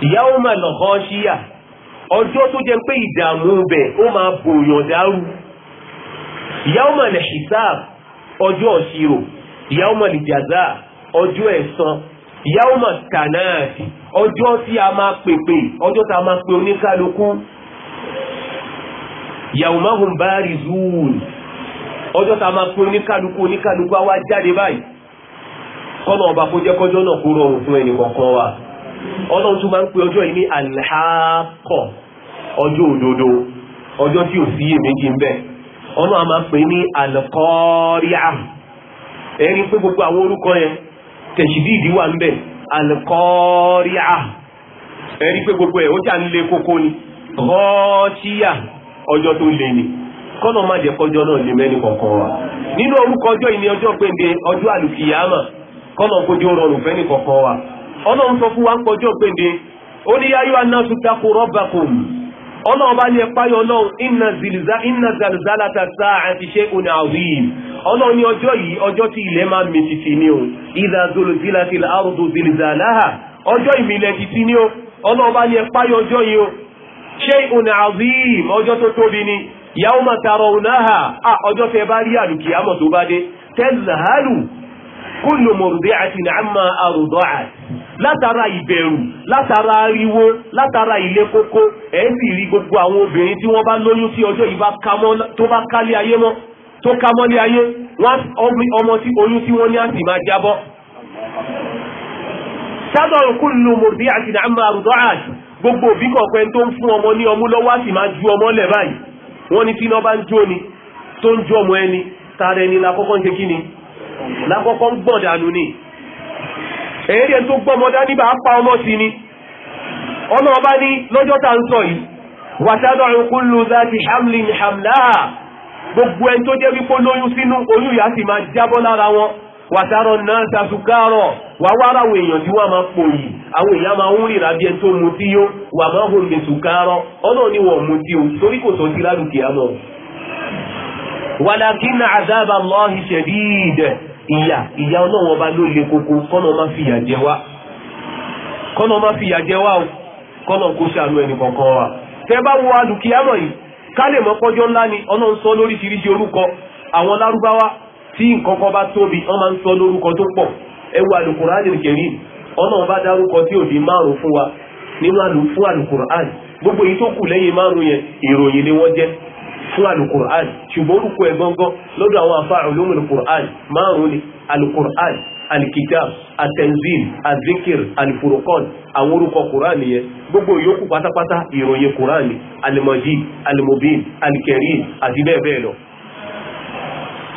yawma al-ghashiya ọjọ́ tó jẹ́ pé ìdààmú bẹ̀ ó máa bòyàn dárú yawma al-hisab ọjọ́ ìṣirò yawma al-jaza ọjọ́ ẹ̀san yawma al-kanaati ọjọ́ tí a máa pèpè ọjọ́ tá a máa pe oníkálukú yawmahum barizun ọjọ́ tá a máa pe oníkálukú oníkálukú á wá jáde báyìí kọ́nà ọba kó jẹ́ kọjọ́ náà kó rọrùn fún ẹnì kọ̀ọ̀kan wa. ọlọ́run tún máa ń pe ọjọ́ yìí ní alhaakọ̀ ọjọ́ òdodo ọjọ́ tí ò sí èméjì ń ọlọ́run a máa pè ní ẹni pé gbogbo àwọn orúkọ yẹn tẹ̀sídìdì wà ń bẹ alkọ́ríà ẹni pé gbogbo ẹ̀ ó jà ni rọ́ọ̀tíyà ọjọ́ tó le ni kọ́nà má jẹ́ kọjọ́ náà lè mẹ́ni kọ̀ọ̀kan wa nínú orúkọ ọjọ́ ọlọ́run sọ fún wa ń kọjọ́ gbèǹde ó ní yáyọ́ anáṣu takò rọ́bàkùn ọlọ́run bá ní ẹ páyọ ọlọ́run iná zalzala ta sáà àti ṣe òní àwìn ọlọ́run ní ọjọ́ yìí ọjọ́ tí ilẹ̀ máa mi títí ní o ìdá zolozila ti la àrùtò zilzalaha ọjọ́ ìmìlẹ̀ títí ní o ọlọ́run bá ní ẹ ọjọ́ yìí o ṣe òní àwìn ọjọ́ tó tóbi ni yàwó máa tààrọ̀ òun náà ọjọ́ tẹ bá rí àlùkìyàmọ̀ tó bá dé tẹ́lẹ̀ hálù kúlùmọ̀rùdẹ́ àti nàámà àrùdọ́ àti látara ìbẹ̀rù látara ariwo látara ilé kókó ẹ̀ sì rí gbogbo àwọn obìnrin tí wọ́n bá lóyún tí ọjọ́ yìí tó bá kálé ayé mọ́ tó ká mọ́lé ayé ọmọ tí oyún tí wọ́n ní àti máa jábọ́. sábàrù kúlù mòdì àti nàmà àrùdọ́ àti gbogbo òbí kọ̀ọ̀kan tó ń fún ọmọ ní ọmú lọ́wọ́ àti máa ju ọmọ lẹ̀ báyìí wọ́n ní tí iná bá ń jó ni tó ń jó ọmọ ẹni tààrẹ ni lákọ́kọ́ ń ṣe kí ni lákọ́kọ́ ń gbọ̀dànù ni ẹ̀yẹ́dẹ̀ tó gbọ́mọ dání bá pa ọmọ sí ni ọlọ́run bá ní lọ́jọ́ tá ń sọ yìí wàtádọ̀ hamlin hamlaha gbogbo ẹni tó jẹ́ wípé lóyún sínú oyún ìyá sì máa jábọ́ lára wọn wàtàrọ̀ náà sàtúkárọ̀ wà wára àwọn èèyàn tí wọ́n máa pò yìí àwọn èèyàn máa ń rìnrìn àbí ẹni tó tí wà máa hùn lè sùkárọ̀ ni wọ́n tí o torí kò ìyá ìyá ọlọ́run ọba ló le koko kọ́nà má fìyà jẹ wá kọ́nà má fìyà jẹ wá o kọ́nà kó ṣàánú ẹnì kọ̀ọ̀kan wa tẹ́ bá wo alùkìyàmọ̀ yìí ká lè mọ̀ pọ́jọ́ ńlá ni ọlọ́run sọ lóríṣiríṣi orúkọ àwọn lárúbáwá tí nǹkan kan bá tóbi wọ́n máa ń sọ lórúkọ tó pọ̀ ẹ wo kẹrin dárúkọ tí márùn gbogbo èyí tó kù lẹ́yìn márùn yẹn ìròyìn ni wọ́n fún alukur'an ṣùgbọ́n orúkọ ẹ̀ gangan lọ́dọ̀ àwọn afá ulumul kur'an márùn-ún ni alukur'an alikitab atenzil azikir alifurukon àwọn orúkọ kur'an yẹn gbogbo yòókù pátápátá ìròyìn kur'an alimajid alimobin alikerim àti bẹ́ẹ̀ bẹ́ẹ̀ lọ.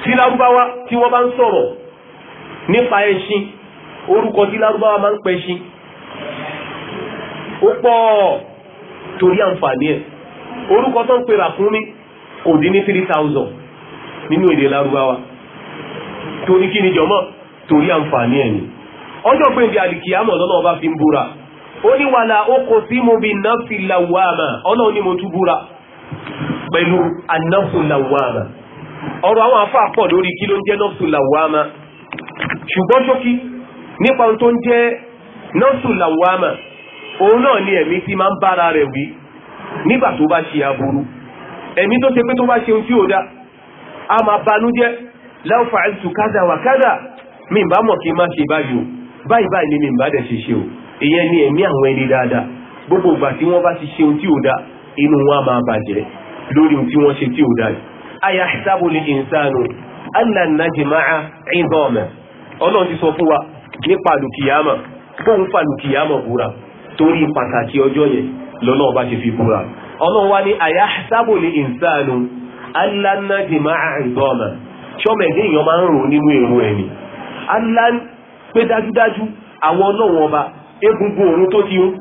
tí lárúbáwá tí wọ́n bá orúkọ tó ń pè ràkúnmí kò dín ní three thousand nínú èdè lárúbáwá torí kí ni jọmọ́ torí àǹfààní ẹ̀ ni ọjọ́ pé ìdí àlìkìyàmọ̀ lọ́nà ọba fi ń búra ó ní wàlà uqsimu bin nafsi lawwama ọlọ́run ni mo tún búra pẹ̀lú an-nafsu lawwama ọ̀rọ̀ àwọn afá pọ̀ lórí kí ló ń jẹ́ nafsu lawwama ṣùgbọ́n ṣókí nípa ohun tó ń jẹ́ ni ẹ̀mí ti ẹ̀mí tó ṣe pé tó bá ṣe ohun tí ò dá a máa banújẹ́ law fa'altu kaza wa kaza mi bá mọ̀ kí n má ṣe báyìí o báyìí báyìí ni mi bá dẹ̀ ṣe ṣe o ìyẹn ni ẹ̀mí àwọn ẹni dáadáa gbogbo ìgbà tí wọ́n bá ti ṣe ohun tí ò dá inú wọn a máa bàjẹ́ lórí ohun tí wọ́n ṣe tí ò dá yìí ayahsabu al-insanu allan najma'a 'idhamahu ọlọ́run ti sọ ọlọ́run wá ní àyáṣábò lè ìsánu alánàjìmá àìdọ́ọ̀mà ṣọ́mọ ẹ̀dẹ́ èèyàn máa ń rò nínú èrò ẹ̀mí alán dájúdájú àwọn ọba egungun òun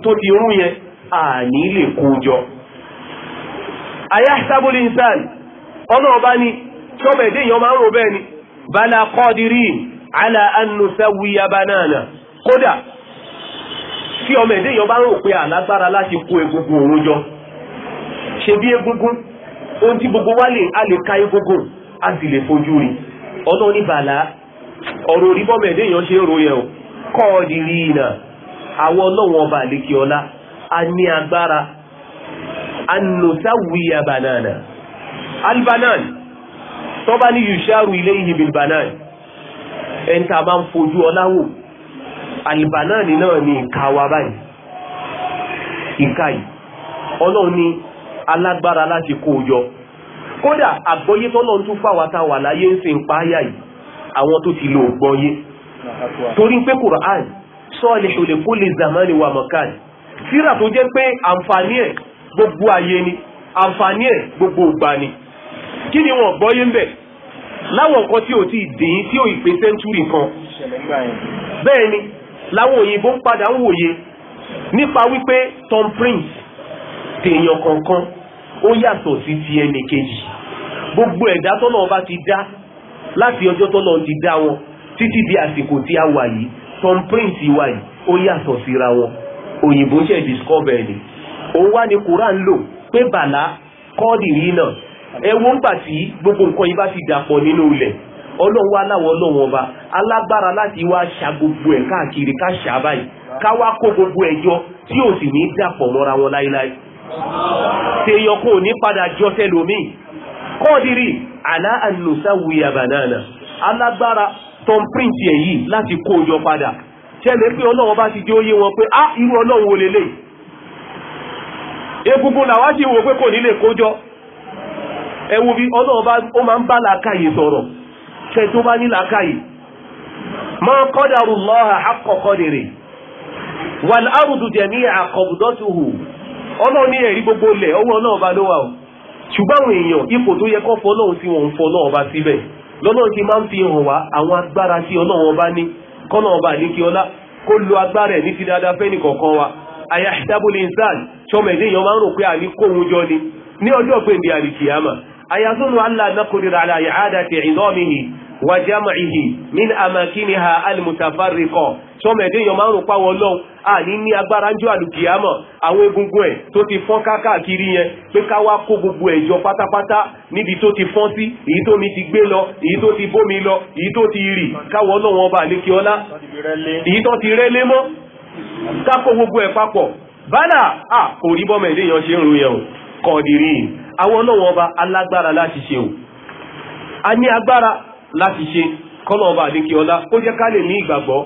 tó ti rún yẹn àní lè kó jọ àyáṣábò lè ìsánu ọlọ́run ní ṣọ́mọ ẹ̀dẹ́ èèyàn máa ń rò bẹ́ẹ̀ ni banana bá egungun ṣe bí egungun ohun tí gbogbo wa lè a lè ka egungun a sì lè fojú rí ọlọ́run ní bàlá ọ̀rọ̀ orí bọ́mọ̀ ẹ̀dẹ́ èèyàn ṣe ń ro yẹn o kọ́ ọ di rí iná àwọn ọlọ́run ọba àlékè ọlá a ní agbára anusawiya banana albanan tọ́ba ní yusharu ilé ìhìbìl banan ẹ̀ńtà máa ń fojú ọlá wò albanan náà ní ìka wa báyìí ìka yìí ọlọ́run ní alágbára láti kó o yọ kódà àgbọ́yé tọ́lọ́ ń tún fáwa tá wà láyé ń sin páyà yìí àwọn tó ti lo ògbọ́yé torí pé Qur'an sọ́ọ̀lẹ̀ òlè kó lè zamani wa mọ̀kàn síra tó jẹ́ pé àǹfààní ẹ̀ gbogbo ayé ni àǹfààní ẹ̀ gbogbo ìgbà ni kí ni wọn gbọ́yé ń bẹ̀ láwọn nǹkan tí ò ti dín tí ò ìpè sẹ́ńtúrì kan bẹ́ẹ̀ ni láwọn òyìnbó ń padà ń wòye nípa wípé Tom Prince tèèyàn kankan ó yàtọ̀ sí ti ẹnì kejì gbogbo ẹ̀dá tọ́nà ọba ti dá láti ọjọ́ tọ́nà ti dá wọn títí di àsìkò tí a wà yìí tom prince wà yìí ó yàtọ̀ síra wọn òyìnbó ṣe discover ẹni òun wá ní Quran lò pé bàlá kọ́ọ̀dì yìí náà ẹwọ́n ń gbà tí gbogbo nǹkan yìí bá ti dàpọ̀ nínú ilẹ̀ ọlọ́run wá láwọn ọlọ́run ọba alágbára láti wá ṣa gbogbo ẹ̀ káàkiri ká ṣàbáyé ká wá kó gbogbo ẹjọ́ tí ò sì ní dàpọ̀ mọ́ra wọn láéláé tèèyàn kò ní padà jọ́sẹ̀ lómi kọ́ọ̀dìrì wuya banana alágbára tom print ẹ̀ yìí láti kó yọ padà ṣẹlẹ̀ pé ọlọ́run bá ti jẹ́ óyé wọn pé á irú ọlọ́run wo egungun làwá sì wò pé kò nílè kójọ ẹ wo bí ọlọ́run bá ó máa ń bá làákàyè sọ̀rọ̀ ṣe tó bá ní làákàyè ma qadarullaha haqqa qadrihi wal ardu ọlọ́run ní ẹ̀rí gbogbo lẹ̀ ọwọ́ ọlọ́run bá ló wà o ṣùgbọ́n àwọn èèyàn ipò tó yẹ kọ́ fọ́ ọlọ́run sí wọn ń fọ́ ọlọ́run bá síbẹ̀ lọ́lọ́run ti máa ń fi hàn wá àwọn agbára tí ọlọ́run bá ní kọ́lọ́run bá ní kí ọlá kó lo agbára ẹ̀ ní ti dáadáa wa àyà ìdábòlè ìsáàlì ṣọmọ ẹ̀dẹ́ wa jam'ihi min amakiniha almutafarriqa sọmọ ẹdẹ èèyàn márùn pàwọ lọhùn àní ní agbára ń jọ àlùkìyàmọ àwọn egungun e! To ti fọ́n káàkiri yẹn pé ká wá kó gbogbo ẹ jọ pátápátá ti fọ́n si. Eyi to mi ti gbe lọ Eyi to ti bómi lọ èyí tó ti ọba ti rẹ́lé mọ́ ká kó o ọba alágbára láti ṣe kọ́nà ọba àdínkì ọlá ó jẹ́ ká lè ní ìgbàgbọ́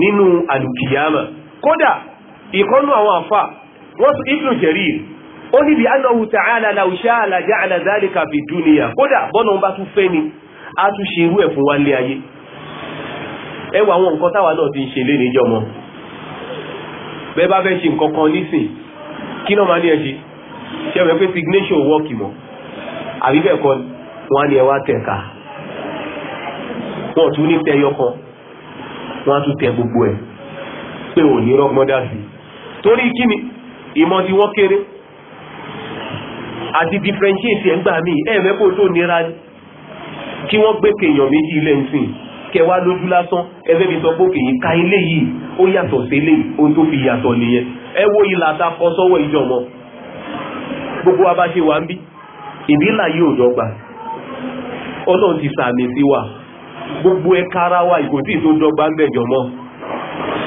nínú àlùkìyàmà kódà ìkọ́nù àwọn àfà wọ́n tún ibùdó jẹ̀rí ó níbi anáwó tààlà làwùṣà àlàjá àlàdáàlì kàfi dúnìyà kódà bọ́nà bá tún fẹ́ ni a tún ṣe irú ẹ̀ fún wa lé ayé ẹ wà àwọn nǹkan táwa náà ti ń ṣe lé níjọ́ mọ́ bẹ́ẹ̀ bá fẹ́ ṣe nǹkan kan nísìn kí náà máa ní ẹ ṣe ṣe é mọ̀ signation wọ́ọ̀kì mọ́ àbí bẹ́ẹ̀ kọ́ wọn á ẹ wá tẹ̀ka wọn tún ní tẹ yọkọ wọn á tún tẹ gbogbo ẹ̀ pé ò ní rọgbọ́n dá sí torí kí ni ìmọ̀ tí wọ́n kéré àti differentiate ẹgbà mi ẹ̀mẹ́kò tó nira ní kí wọ́n gbé kèèyàn méjì ilẹ̀ ìsìn kẹwàá lójú lásán ẹgbẹ́ mi sọ pé kèyí ka ilé yìí ó yàtọ̀ sí ilé ohun tó fi yàtọ̀ nìyẹn ẹ wo ilà ta kọ sọ́wọ́ ìjọmọ gbogbo wa ń bí ìbílà yìí ò ọlọ́run ti sàmì sí wa gbogbo ẹ̀ka ara wa ìkò tí tó dọ́gba ń bẹ̀jọ mọ́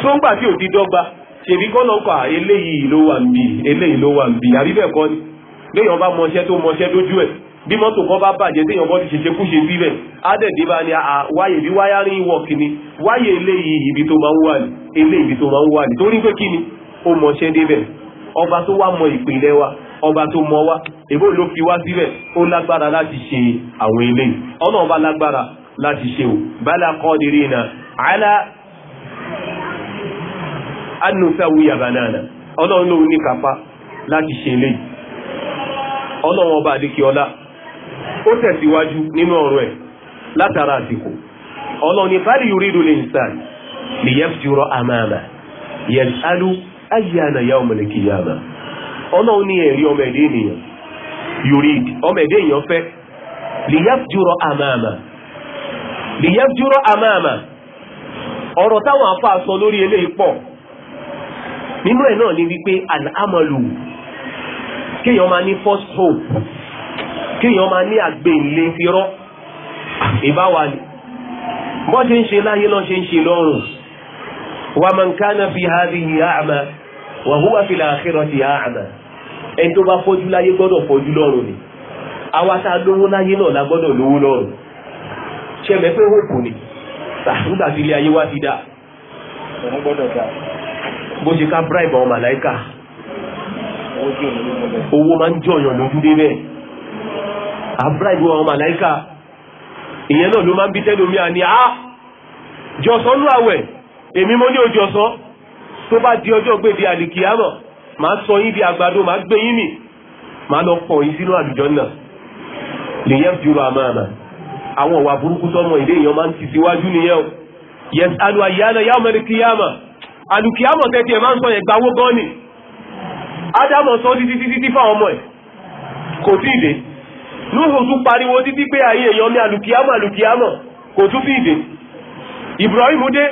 tó ń gbà tí ò ti dọ́gba ṣèbí kọ́ lọ́kọ̀ eléyìí ló wà ń bi eléyìí ló wà ń bi àbí bẹ́ẹ̀ kọ́ ni léèyàn bá mọṣẹ́ tó mọṣẹ́ lójú ẹ̀ bí mọ́tò kan bá bàjẹ́ téèyàn bọ́ ti ṣe ṣe kú ṣe síbẹ̀ bá ní àwáyè bí wáyárín wọ̀kì ni wáyè eléyìí ibi tó máa ń wà ní eléyìí ibi tó máa ń wà ní torí pé kí ni ó mọṣẹ́ débẹ̀ ọba tó wá mọ ìpínlẹ̀ wa ọba tó mọ wa èbó ló fi wá síbẹ̀ ó lágbára láti ṣe àwọn eléyìí ọ̀nà ọba lágbára láti ṣe o bala na ala an wuya banana ọlọ́run ló ní kápá láti ṣe lè ọlọ́run ọba adékíọlá ó tẹ̀síwájú nínú ọ̀rọ̀ ẹ̀ látara àsìkò ọlọ́run ní fali yuridu linsan liyafjura amama yẹ̀sálú ayyana yawmal qiyamah ọlọ́run ní ẹ̀rí ọmọ ẹ̀dẹ́ ènìyàn yorid ọmọ ẹ̀dẹ́ èèyàn fẹ́ liyafjura amama lìyẹ́fjúrọ́ àmàmà ọ̀rọ̀ táwọn afá sọ lórí eléyìí pọ̀ nínú ẹ̀ náà ni wípé àlámọ̀lù kéèyàn máa ní first hope kéèyàn máa ní àgbèǹlé fírọ́ ìbáwa ni bọ́ ṣe ń ṣe láyé lọ́ ṣe ń ṣe lọ́rùn wa man kana fi hadhihi a'ma wa huwa fil akhirati a'ma ẹni tó ṣe mẹ́ pé hope ni nígbà tí ilé ayé wá ti dá bó ṣe ká bribe àwọn màláìkà owó máa ń jọyàn lójú dé bẹ́ẹ̀ a bribe àwọn màláìkà ìyẹn náà ló máa ń bí tẹ́lómi àní a ah, jọ̀sọ́ nú àwẹ̀ èmi mo ní o jọ̀sọ́ tó bá di ọjọ́ gbèdé àlìkìyàmọ̀ máa sọ yín di àgbàdo máa gbé yín mì máa lọ pọ̀ yín sínú àlùjọ náà lèyẹ́ jùlọ àmọ́ àmọ́ àwọn ọ̀wà burúkú tọ́mọ ilé èèyàn máa ń ti síwájú nìyẹn o yes alu ayana ya ọmọdé kíyàmà alùkíyàmọ̀ tẹ́tí ẹ̀ máa ń sọ yẹn gbawó gan ni ádámọ̀ sọ títí títí tí fáwọn ọmọ ẹ̀ kò tí ì dé núhùn tún pariwo títí pé ayé èèyàn mi alùkíyàmọ̀ alùkíyàmọ̀ kò tún fi dé Ibrahim dé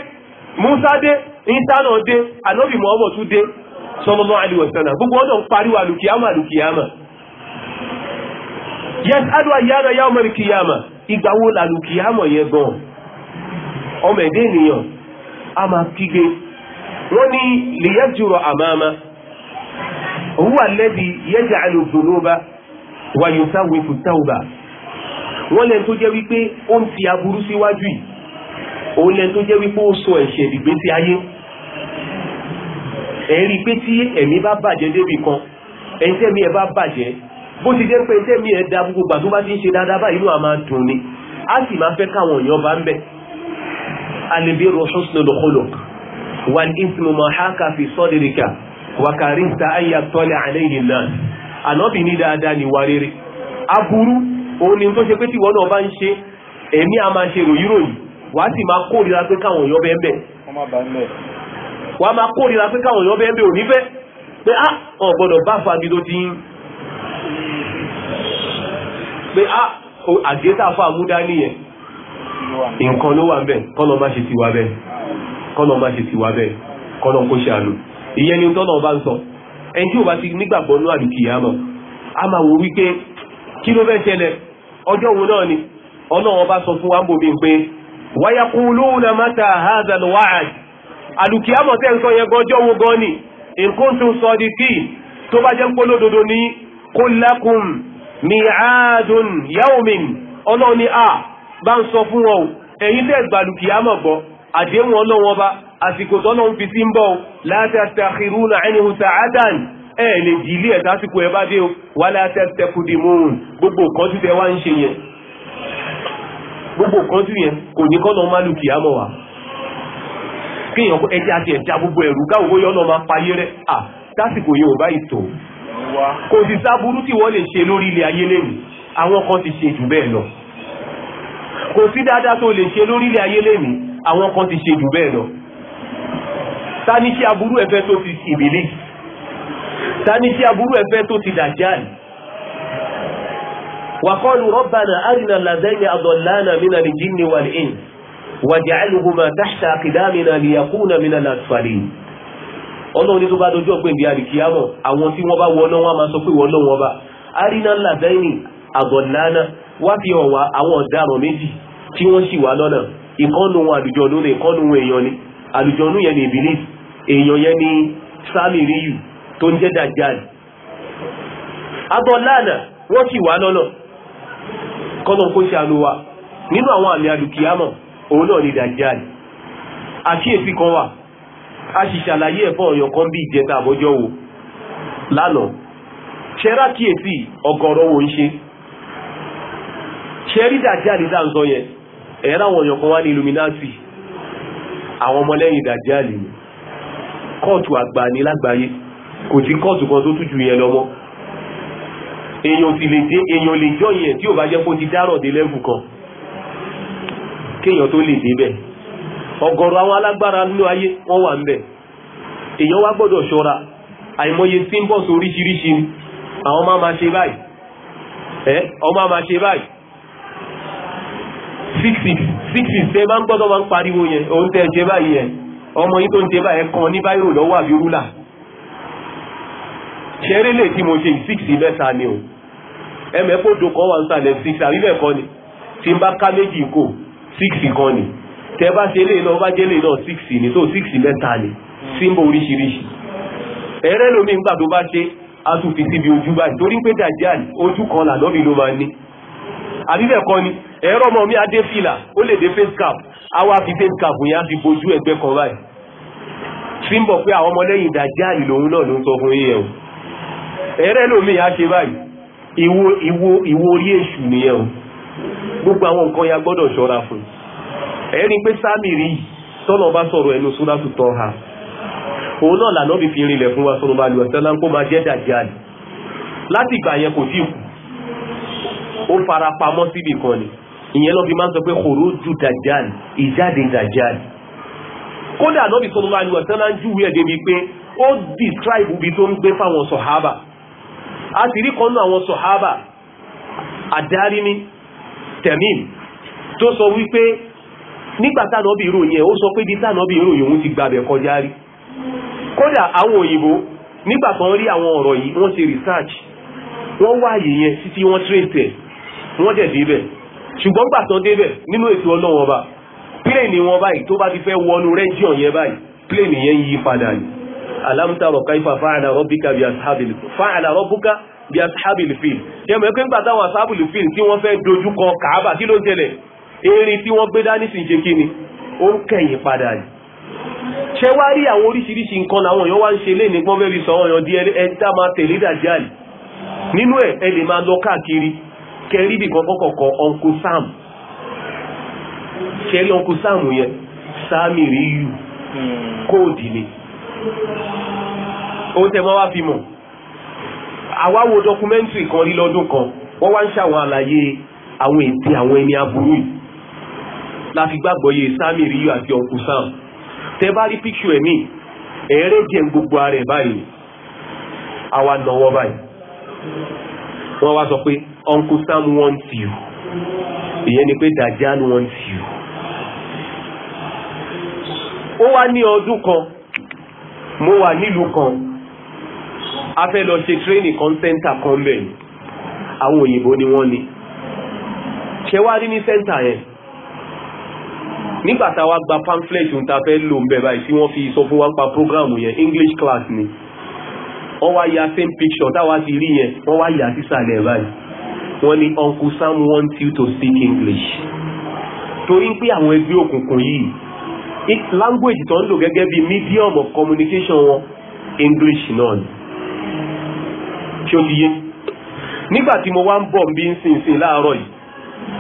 Musa dé Isa náà dé Ànábì Muhammad tún dé sallallahu alaihi wasallam gbogbo ọ̀dọ̀ ń pariwo alùkíyàmọ̀ alùkíyàmọ̀ yes alu ayana ya ọmọdé kíyàmà ìgbà wo làlùkì àmọ̀ yẹn gan ọmọ ẹ̀dẹ́ ènìyàn a máa kígbe wọ́n ní lìyẹ́jùrọ̀ àmàmà huwa alladhi yaj'alu dhunuba wa yusawwifu tawba wọ́n lẹ́nu tó jẹ́ wípé ó ń ti aburú síwájú yìí òun lẹ́nu tó jẹ́ wípé ó sọ ẹ̀ṣẹ̀ ìgbésí ayé ẹ̀rí pé tí ẹ̀mí bá bàjẹ́ débi kan ẹ̀ńtẹ́mi ẹ̀ bá bàjẹ́ bó ṣe jẹ́ pé tẹ́mi ẹ̀ da gbogbo gbà tó bá ti ń ṣe dáadáa báyìí inú àmà dùn ni a sì máa fẹ́ káwọn èèyàn bá ń bẹ̀ wà ní haka fi sọ́dẹ̀ríkà wàkàrí ta ayé àtọ́lẹ̀ àlẹ́yìn náà ànábì ní dáadáa ni wà rere aburú òun ni tó ṣe pé náà bá ń ṣe a máa ṣe sì máa pé káwọn èèyàn máa pé káwọn èèyàn ò pé ah, àgétà fún àmúdá nìyẹn nǹkan ló wà ń bẹ̀ kọ́nà má ṣe ti wà bẹ́ẹ̀ kọ́nà má ṣe ti wà bẹ́ẹ̀ kọ́nà kó ṣe àlò ìyẹn ni tọ́nà bá ń sọ ẹni tí ò bá ti nígbàgbọ́ ní àlùkìyà mọ̀ a máa wò wípé kí ló fẹ́ ṣẹlẹ̀ ọjọ́ òun náà ni ọlọ́run bá sọ fún wa ń bò pé wáyà kú lóhùn náà má ta àhàzà lọ wáhàd àlùkìyà mọ̀ tẹ́ nǹkan yẹn mi'adun yawmin ọlọ́run ni a ah, bá ń sọ fún wọn o ẹ̀yin tẹ́ gbàlùkì á mọ̀ gbọ́ àdéhùn ọlọ́run ọba àsìkò tọ́lọ́run fi sí ń bọ̀ la tastakhiruna anhu sa'atan ẹ̀ lè jì ilé ẹ̀ tásìkò ẹ̀ bá dé o wala tastaqdimun gbogbo kan tún tẹ wá kò sì sáburú tí wọ́n lè ṣe lórí ilẹ̀ ayé lẹ́nu àwọn kan ti ṣe jù bẹ́ẹ̀ lọ kò sí dáadáa tó lè ṣe lórí ilẹ̀ ayé lẹ́nu àwọn kan ti ṣe jù bẹ́ẹ̀ lọ ta ni kí aburú ẹ̀fẹ́ tó ti ìbílí ta ni kí aburú ẹ̀fẹ́ tó ti dàjáàlì wàkọ́lù rọ́bànà àrìnà làdẹ́yìn àdọ̀lánà mìnà lè jí ni wà lè ń wàjà àlùhùmà dáṣà kìdámìnà lè yàkúnà mìnà ọlọ́run ní tó bá dojú ọ̀gbìn bí àríkíyàmọ̀ àwọn tí wọ́n bá wọná wọn a máa sọ pé wọ́n lọ́wọ́ bá arina ladẹ́ni àgọ̀nlánà wá fi hàn wá àwọn ọ̀daràn méjì tí wọ́n sì wá lọ́nà ìkọ́nu wọn àlùjọ̀nú ni ìkọ́nu wọn èèyàn ni àlùjọ̀nú yẹn ni ìbílẹ̀ èèyàn yẹn ni sami riyu tó ń jẹ́ dajjal àgọ̀nlánà wọ́n sì wá lọ́nà kọ́nà kó ṣe àlùwà nínú àwọn àmì àlùkíyàmọ̀ òun náà ni dajjal àkíyèsí kan wà a sì ṣàlàyé ẹ̀fọ́ ọ̀yọ̀ kan bí ìjẹta àbọ́jọ́ wo lánàá ṣẹ́rá kíyèsí ọ̀gọ̀rọ̀ wo ń ṣe ṣẹ́rí dàjáàlì dá ń sọ yẹn ẹ̀rá àwọn ọ̀yọ̀ kan wá ní illuminati àwọn ọmọlẹ́yìn dàjáàlì ni kóòtù àgbà ní lágbàáyé kò sí kóòtù kan tó tún jù yẹn lọ́mọ́ èèyàn lè jọ yẹn tí ò bá jẹ́ kó ti dárọ̀ dé lẹ́fù kan kéèyàn tó lè débẹ̀ ọ̀gọ̀rọ̀ àwọn alágbára nínú ayé wọ́n wà ń bẹ̀ èèyàn wá gbọ́dọ̀ ṣọ́ra àìmọye tí ń bọ̀ sí oríṣiríṣi àwọn máa máa ṣe báyìí ẹ ọmọ máa ṣe báyìí six six six six tẹ máa ń gbọ́dọ̀ máa ń pariwo yẹn òun tẹ ṣe báyìí yẹn ọmọ yìí tó ń ṣe báyìí kan ní báyìí lọ́wọ́ àbí rúlà ṣẹ́rẹ́ lè tí mo ṣe six mẹ́ta ni o ẹ̀mẹ́kòdò kan wà ń sàlẹ̀ six àbí bẹ́ẹ̀ kan ni tí n bá ká méjì kò six kan ni tẹ bá ṣe lè náà bá jẹ́ lè náà six ni tó six mẹ́ta ni símbọ̀ oríṣiríṣi ẹ̀rẹ́ lómi ńgbà tó bá ṣe a tún fi síbi ojú báyìí torí pé dàjẹ́ ojú kan là lọ́bì ló máa ní àbíbẹ̀ kan ni ẹ̀rọ ọmọ mi adé fìlà ó lè dé face cap a wá fi face cap yẹn á fi bojú ẹgbẹ́ kan báyìí símbọ̀ pé àwọn ọmọlẹ́yìn dàjẹ́ lòun náà ló ń sọ fún yíyẹn o ẹ̀rẹ́ lómi á ṣe báyìí ìwo orí èṣù nìyẹn o gbogbo àwọn nǹkan ya gbọ́dọ̀ ṣọ́ra fún un ẹ̀rí pé sámìrí tọ́nà bá sọ̀rọ̀ ẹnu súnlá tutọ́ ha òun náà lànà bí fi rinlẹ̀ fún wa sọ́nà bá lù ọ̀sẹ́ láńkó máa jẹ́ dàjáàlì láti ìgbà yẹn kò tí kù ó fara pamọ́ síbì kan ni ìyẹn lọ́ fi máa ń sọ pé kòró ju dàjáàlì ìjáde dàjáàlì kódà lọ́bì tẹ̀mí tó sọ wípé nígbà tá nọ́bì ròyìn ẹ̀ ó sọ pé bí tá nọ́bì ròyìn òun ti gbàbẹ̀ kọjá rí kódà àwọn òyìnbó nígbà tó ń rí àwọn ọ̀rọ̀ yìí wọ́n ṣe research wọ́n wá àyè yẹn títí wọ́n trace ẹ̀ wọ́n dẹ̀ débẹ̀ ṣùgbọ́n gbà tán débẹ̀ nínú ètò ọlọ́run ọba pílẹ̀nì wọn báyìí tó bá ti fẹ́ wọnú rẹ́jíọ̀n yẹn báyìí pílẹ̀nì yẹn yí padà ní alámútàrọ̀ káífà fáàlà rọ́bíkà bí asábìlì fáàlà rọ́búkà bí asábìlì fíìl ṣe mọ̀ pé ń gbàtàwọn asábìlì fíìl tí wọ́n fẹ́ dojú kọ kàábà kí ló ń tẹ̀lẹ̀ erin tí wọ́n gbé dání sì ń ṣe kíni ó ń kẹ̀yìn padà yìí ṣé wá rí àwọn oríṣiríṣi nǹkan làwọn èèyàn wá ń ṣe léèní pọ́n fẹ́ fi sọ àwọn èèyàn di ẹni tá máa tẹ̀lé dàjáàlì nínú ẹ̀ ẹ lè máa lọ káàkiri kẹrí ibì kan kọ́kọ̀ọ̀kan ọ̀nkù sam kẹrí ọ̀nkù sam yẹn sáàmì rí yù kóòdì ni ó tẹ́ wọ́n wá fi mọ̀ àwa wo dọkumẹ́ntì kan rí lọ́dún kan wọ́n wá ń ṣàwọn àlàyé àwọn èdè àwọn ẹni aburú yìí la fi gbàgbọ́ yé sami ríyọ àti ọkùn sam tẹ bá rí píkṣù ẹ̀ mí ẹ̀ẹ́rẹ́ jẹ́ gbogbo ara ẹ̀ báyìí àwa náwọ́ báyìí wọ́n wá sọ pé uncle sam wants you ìyẹn ni pé dajan wants you ó wá ní ọdún kan mo wà nílùú kan a fẹ́ lọ ṣe tírénì kan sẹ́ńtà kan bẹ́ẹ̀ àwọn òyìnbó ni wọ́n ní ṣẹ́wárí ní sẹ́ńtà yẹn nígbà tá a wá gba pamphlet ohun tá fẹ́ lò ń bẹ̀ báyìí tí wọ́n fi sọ fún wa ń pa program yẹn english class ni wọ́n wá ya same picture táwa ti rí yẹn wọ́n wá yà sísàlẹ̀ báyìí wọ́n ní uncle sam wants you to speak english torí pé àwọn ẹgbẹ́ òkùnkùn yìí language tó ń lò gẹ́gẹ́ bí medium of communication wọn english náà ni ṣé ó ti yé nígbà tí mo wá ń bọ̀ bí ń sìn sìn láàárọ̀ yìí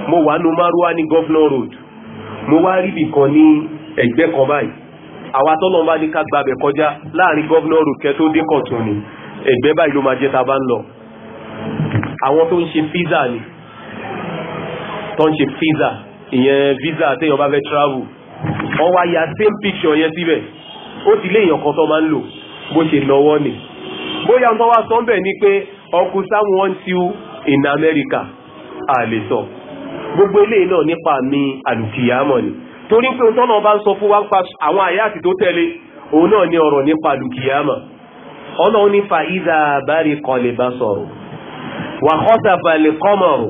mo wà nù márúwá ní governor road mo wá rí bì kan ní ẹ̀gbẹ́ kan báyìí àwa tọ́lọ́ bá ní ká gbàbẹ̀ kọjá láàrin gọ́vnọ́rù kẹ́ tó dé kọ̀tún ni ẹ̀gbẹ́ báyìí ló máa jẹ́ ta bá ń lọ àwọn tó ń ṣe fíza ni tó ń ṣe fíza ìyẹn visa téèyàn bá fẹ́ travel wọ́n wá ya same picture yẹn síbẹ̀ ó ti lé èèyàn kan tó máa ń lò bó ṣe lọ́wọ́ ni bóyá ń bọ́ wá sọ́ńbẹ̀ ni pé ọkùn sáwọn ti in America a sọ. So gbogbo eléyìí náà nípa mi àlùkìyàmọ̀ ni torí pé ohun tọ́nà bá ń sọ fún wa nípa àwọn àyàtì tó tẹ̀lé òun náà ní ọ̀rọ̀ nípa àlùkìyàmọ̀ ọlọ́run ní fa ìdá àbárí kan lè bá sọ̀rọ̀ wà kọ́sàfà lè kọ́mọ̀rù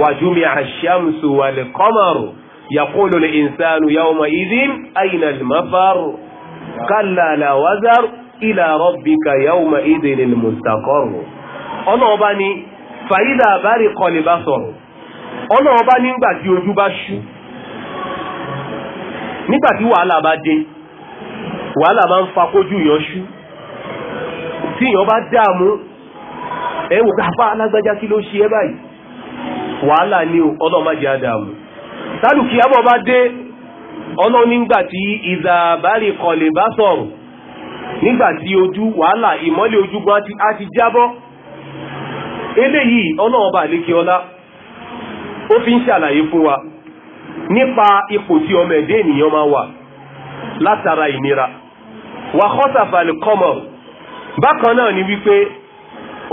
wà júmi àṣàmùsù wà lè kọ́mọ̀rù yàkúlò lè ìsànù yàwùmọ̀ ìdín àyìnà lè má fàárù kálà làwázàrù ìlà rọ́bìkà yàwùmọ̀ ìdín lè mùsàkọ́rù ọlọ́run bá ní fa ìdá àbárí kan lè bá sọ̀rọ̀ ọlọ́run bá nígbà tí ojú bá ṣú nígbàtí wàhálà bá dé wàhálà bá ń fa kójú tí yàn bá dààmú ẹ wò alágbájá kí ló ṣe é báyìí wàhálà ni ọlọ́run má jẹ́ bá dé ọlọ́run ìzàbárì bá sọ̀rọ̀ ojú wàhálà ìmọ́lẹ̀ á ti jábọ́ eléyìí ọlọ́run ó fi ń ṣàlàyé fún wa nípa ipò tí ọmọ ẹ̀dẹ́ ènìyàn máa wà látara ìnira wà kọ́sàfàlì kọ́mọ̀ bákan náà ni wípé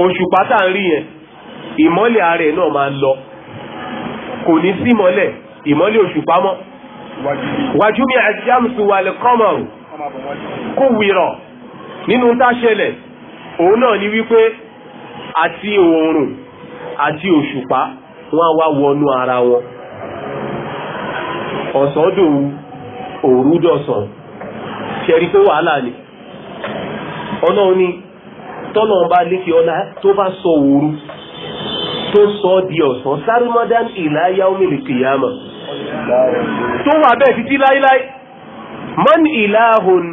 òṣùpá tá ń rí yẹn ìmọ́lẹ̀ ààrẹ náà máa lọ kò ní sí mọ́lẹ̀ ìmọ́lẹ̀ òṣùpá mọ́ wàjúmi àjámsù wà lè kọ́mọ̀ kó wìrọ̀ nínú tá ṣẹlẹ̀ òun náà ni wípé àti oòrùn àti òṣùpá wọ́n á wá wọnú ara wọn ọ̀sán dòru òru dọ̀sán ṣẹ̀rí pé wàhálà ni ọlọ́run ni tọ́nà bá lékè ọlá tó bá sọ òru tó sọ di ọ̀sán sárímọ́dán ìláyà omi lè kìyàmà tó wà bẹ́ẹ̀ títí láíláí man ìláhùn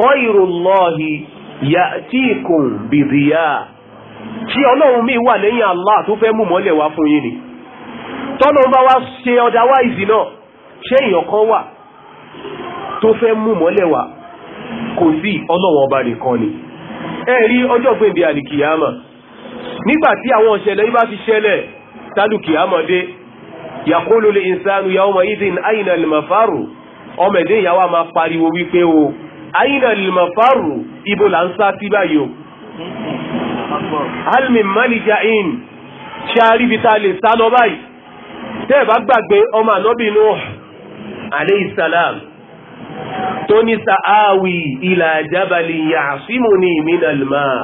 ghayrullahi ya'tikum bìdìyà tí ọlọ́run mi wà lẹ́yìn Allah tó fẹ́ mú mọ́lẹ̀ wá fún ni tọ́lọ́ bá wá ṣe otherwise náà ṣé èèyàn kan wà tó fẹ́ mú mọ́lẹ̀ wá kò sí ọlọ́wọ́n ọba nìkan ni ẹ rí ọjọ́ gbèǹde àlìkìyàmà nígbà tí àwọn ìṣẹ̀lẹ̀ yìí bá ti ṣẹlẹ̀ tálùkìyàmà dé yàkóló lè ìsánú yawma idhin àyìnà lè màfàrù ọmọ ẹ̀dẹ́ ìyàwó máa pariwo wípé o àyìnà lè màfàrù ibo là ń sá sí báyìí o almin malija in ṣe àríbi tá a lè sá lọ báyìí tẹ́ ẹ̀ bá gbàgbé ọmọ ànábì Nuh alayhi salam tó ní sàáwì ilà jábàlì ya'simuni minal ma'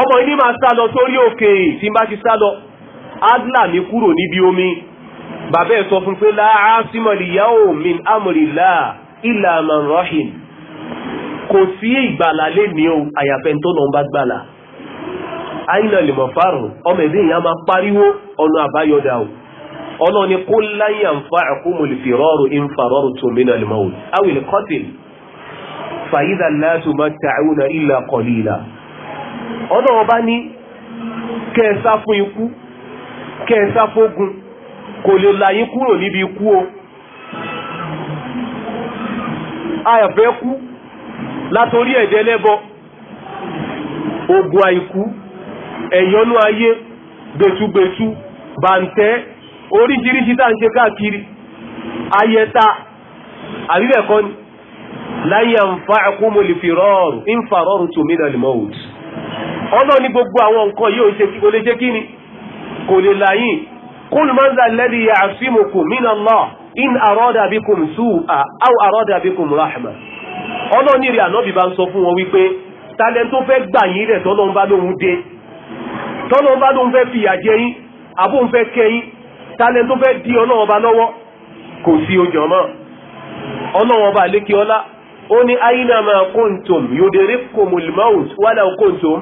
ọmọ yìí máa sá lọ sórí òkè tí n bá ti sá lọ adla mi kúrò níbi omi bàbá ẹ̀ sọ fún pé la 'asima al-yawma min amrillah illa kò sí ìgbàlà lé ní o àyàfẹ́ tó lọ bá gbàlà àìnà ọmọ ẹ̀dẹ́ ìyá máa pariwo ọ̀nà àbáyọ̀dà ọlọ́ni kó láyé àǹfà àkómọlì fìrọ́rù ìǹfàrọ́rù tó mìíràn lèmọ́wò awìlì kọ́tìl fàyídà látò máa tààrùn ìlà kọ̀lìlà ọlọ́wọ́ bá ní kẹsà fún ikú kẹsà fógun kò lè láyé kúrò níbi ikú o àyàfẹ́ kú látorí ẹ̀jẹ̀ lẹ́bọ ogun àìkú ẹ̀yọ́nú ayé gbẹtugbẹtu bàǹtẹ́ oríṣiríṣi tá à ń ṣe káàkiri ayẹta àbíbẹ̀kọ́ ni láyé nfa ẹkúnmu fi rọrùn nfa rọrùn tó ni gbogbo àwọn nǹkan yìí o lè ṣe kí ni kò lè láyìn kúlù máa ń dà lẹ́dí ya'simukum minallah in arada bikum rahma ànábì bá ń wípé tó fẹ́ gbà yín rẹ̀ dé bá lóhun fẹ́ fìyà yín àbóhun fẹ́ kẹ́ yín tálẹ̀ tó fẹ́ di ọlọ́run ọba lọ́wọ́ kò sí ojọ́ mọ́ ọlọ́run ọba lékè ọlá ó ní aynama kuntum yudrikkumul maut walaw kuntum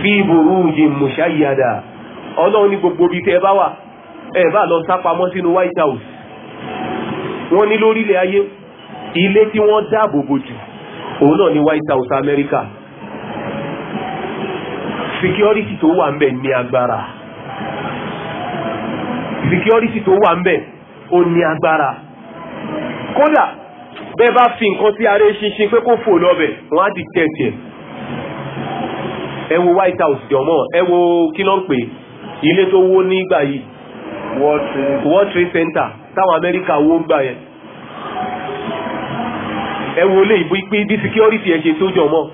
fi burujin mushayyada ọlọ́run ní gbogbo ibi tẹ́ ẹ bá wà ẹ bá lọ sápamọ́ sínú white house wọ́n ní lórílẹ̀ ayé ilé tí wọ́n dáàbò bò jù òun náà ní white house america security tó wà ń bẹ̀ ní agbára security tó wà ń bẹ̀ ó ní agbára kódà bẹ́ẹ̀ bá fi nǹkan sí aré ṣinṣin pé kó fò lọ́bẹ̀ wọ́n á di tẹ̀sí ẹ̀ ẹ wo white house jọ̀mọ́ ẹ wo kí ló ń pè ilé tó wó nígbà yìí world trade center táwọn amẹ́ríkà wó ń gbà yẹn ẹ wo lè bí security ẹ ṣe tó jọ̀mọ́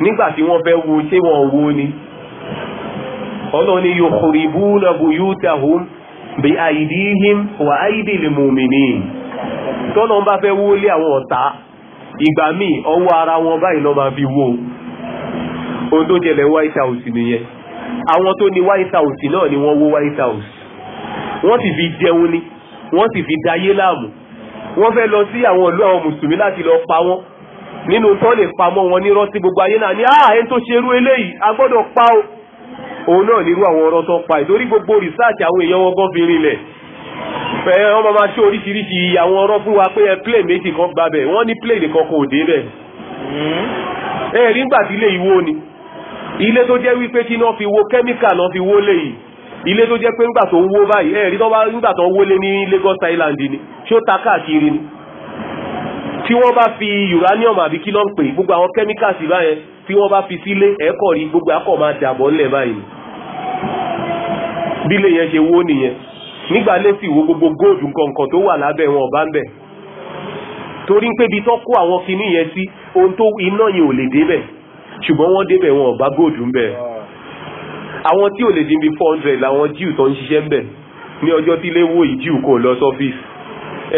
nígbà tí wọ́n fẹ́ wo ṣé wọ́n wo ni ọlọ́run ni yukhribuna buyutahum bi aidihim wa aidil mu'minin tọ́lọ́n bá fẹ́ wólé àwọn ọ̀tá ìgbà míì ọwọ́ ara wọn báyìí lọ́ máa fi wó ohun tó jẹlẹ̀ white house nìyẹn àwọn tó ní white house náà ni wọ́n wó white house wọ́n sì fi jẹun ni wọ́n sì fi dayé láàmú wọ́n fẹ́ lọ sí àwọn ìlú àwọn mùsùlùmí láti lọ pa wọ́n nínú tán pamọ́ wọn nírọ́ sí gbogbo ayé náà ní àà ah, ẹni tó ṣerú eléyìí a pa o òun náà nírú àwọn ọ̀rọ̀ tó pa ìtorí gbogbo rìsáàtì àwọn èèyàn wọn gan fi rinlẹ̀ fẹ́ wọ́n máa ṣe oríṣiríṣi àwọn ọ̀rọ̀ fún wa pé ẹ plé méjì kan gbà bẹ̀ wọ́n ní plé nìkan kò dé bẹ̀ ẹ rí gbà tí ilé ìwó ni ilé tó jẹ́ wípé kí náà fi wo kẹ́míkà náà fi wó lé yìí ilé tó jẹ́ pé ńgbà tó ń wó báyìí ẹ rí nígbà tó ń wó lé ní Lagos Island ni ṣé ó ta káàkiri ni tí wọ́n bá fi uranium àbí kí ló ń pè gbogbo àwọn kẹ́míkà sí báyẹn tí wọ́n bá fi sílé ẹ̀kọ́ rí gbogbo akọ̀ máa dàbọ̀ ńlẹ̀ báyìí bílé yẹn ṣe wó nìyẹn nígbà lẹ́sì wo gbogbo góòdù nǹkan tó wà lábẹ́ wọn ọ̀bá ń bẹ̀ torí pé bí tán kó àwọn kinní yẹn sí ohun tó iná yẹn ò lè débẹ̀ ṣùgbọ́n wọ́n débẹ̀ wọn ọ̀bá góòdù ń bẹ̀ àwọn tí ò lè dín bí four hundred làwọn jíù tó ń ṣiṣẹ́ ń bẹ̀ ní ọjọ́ tí léwó ìjíù kò lọ sọ́fíìsì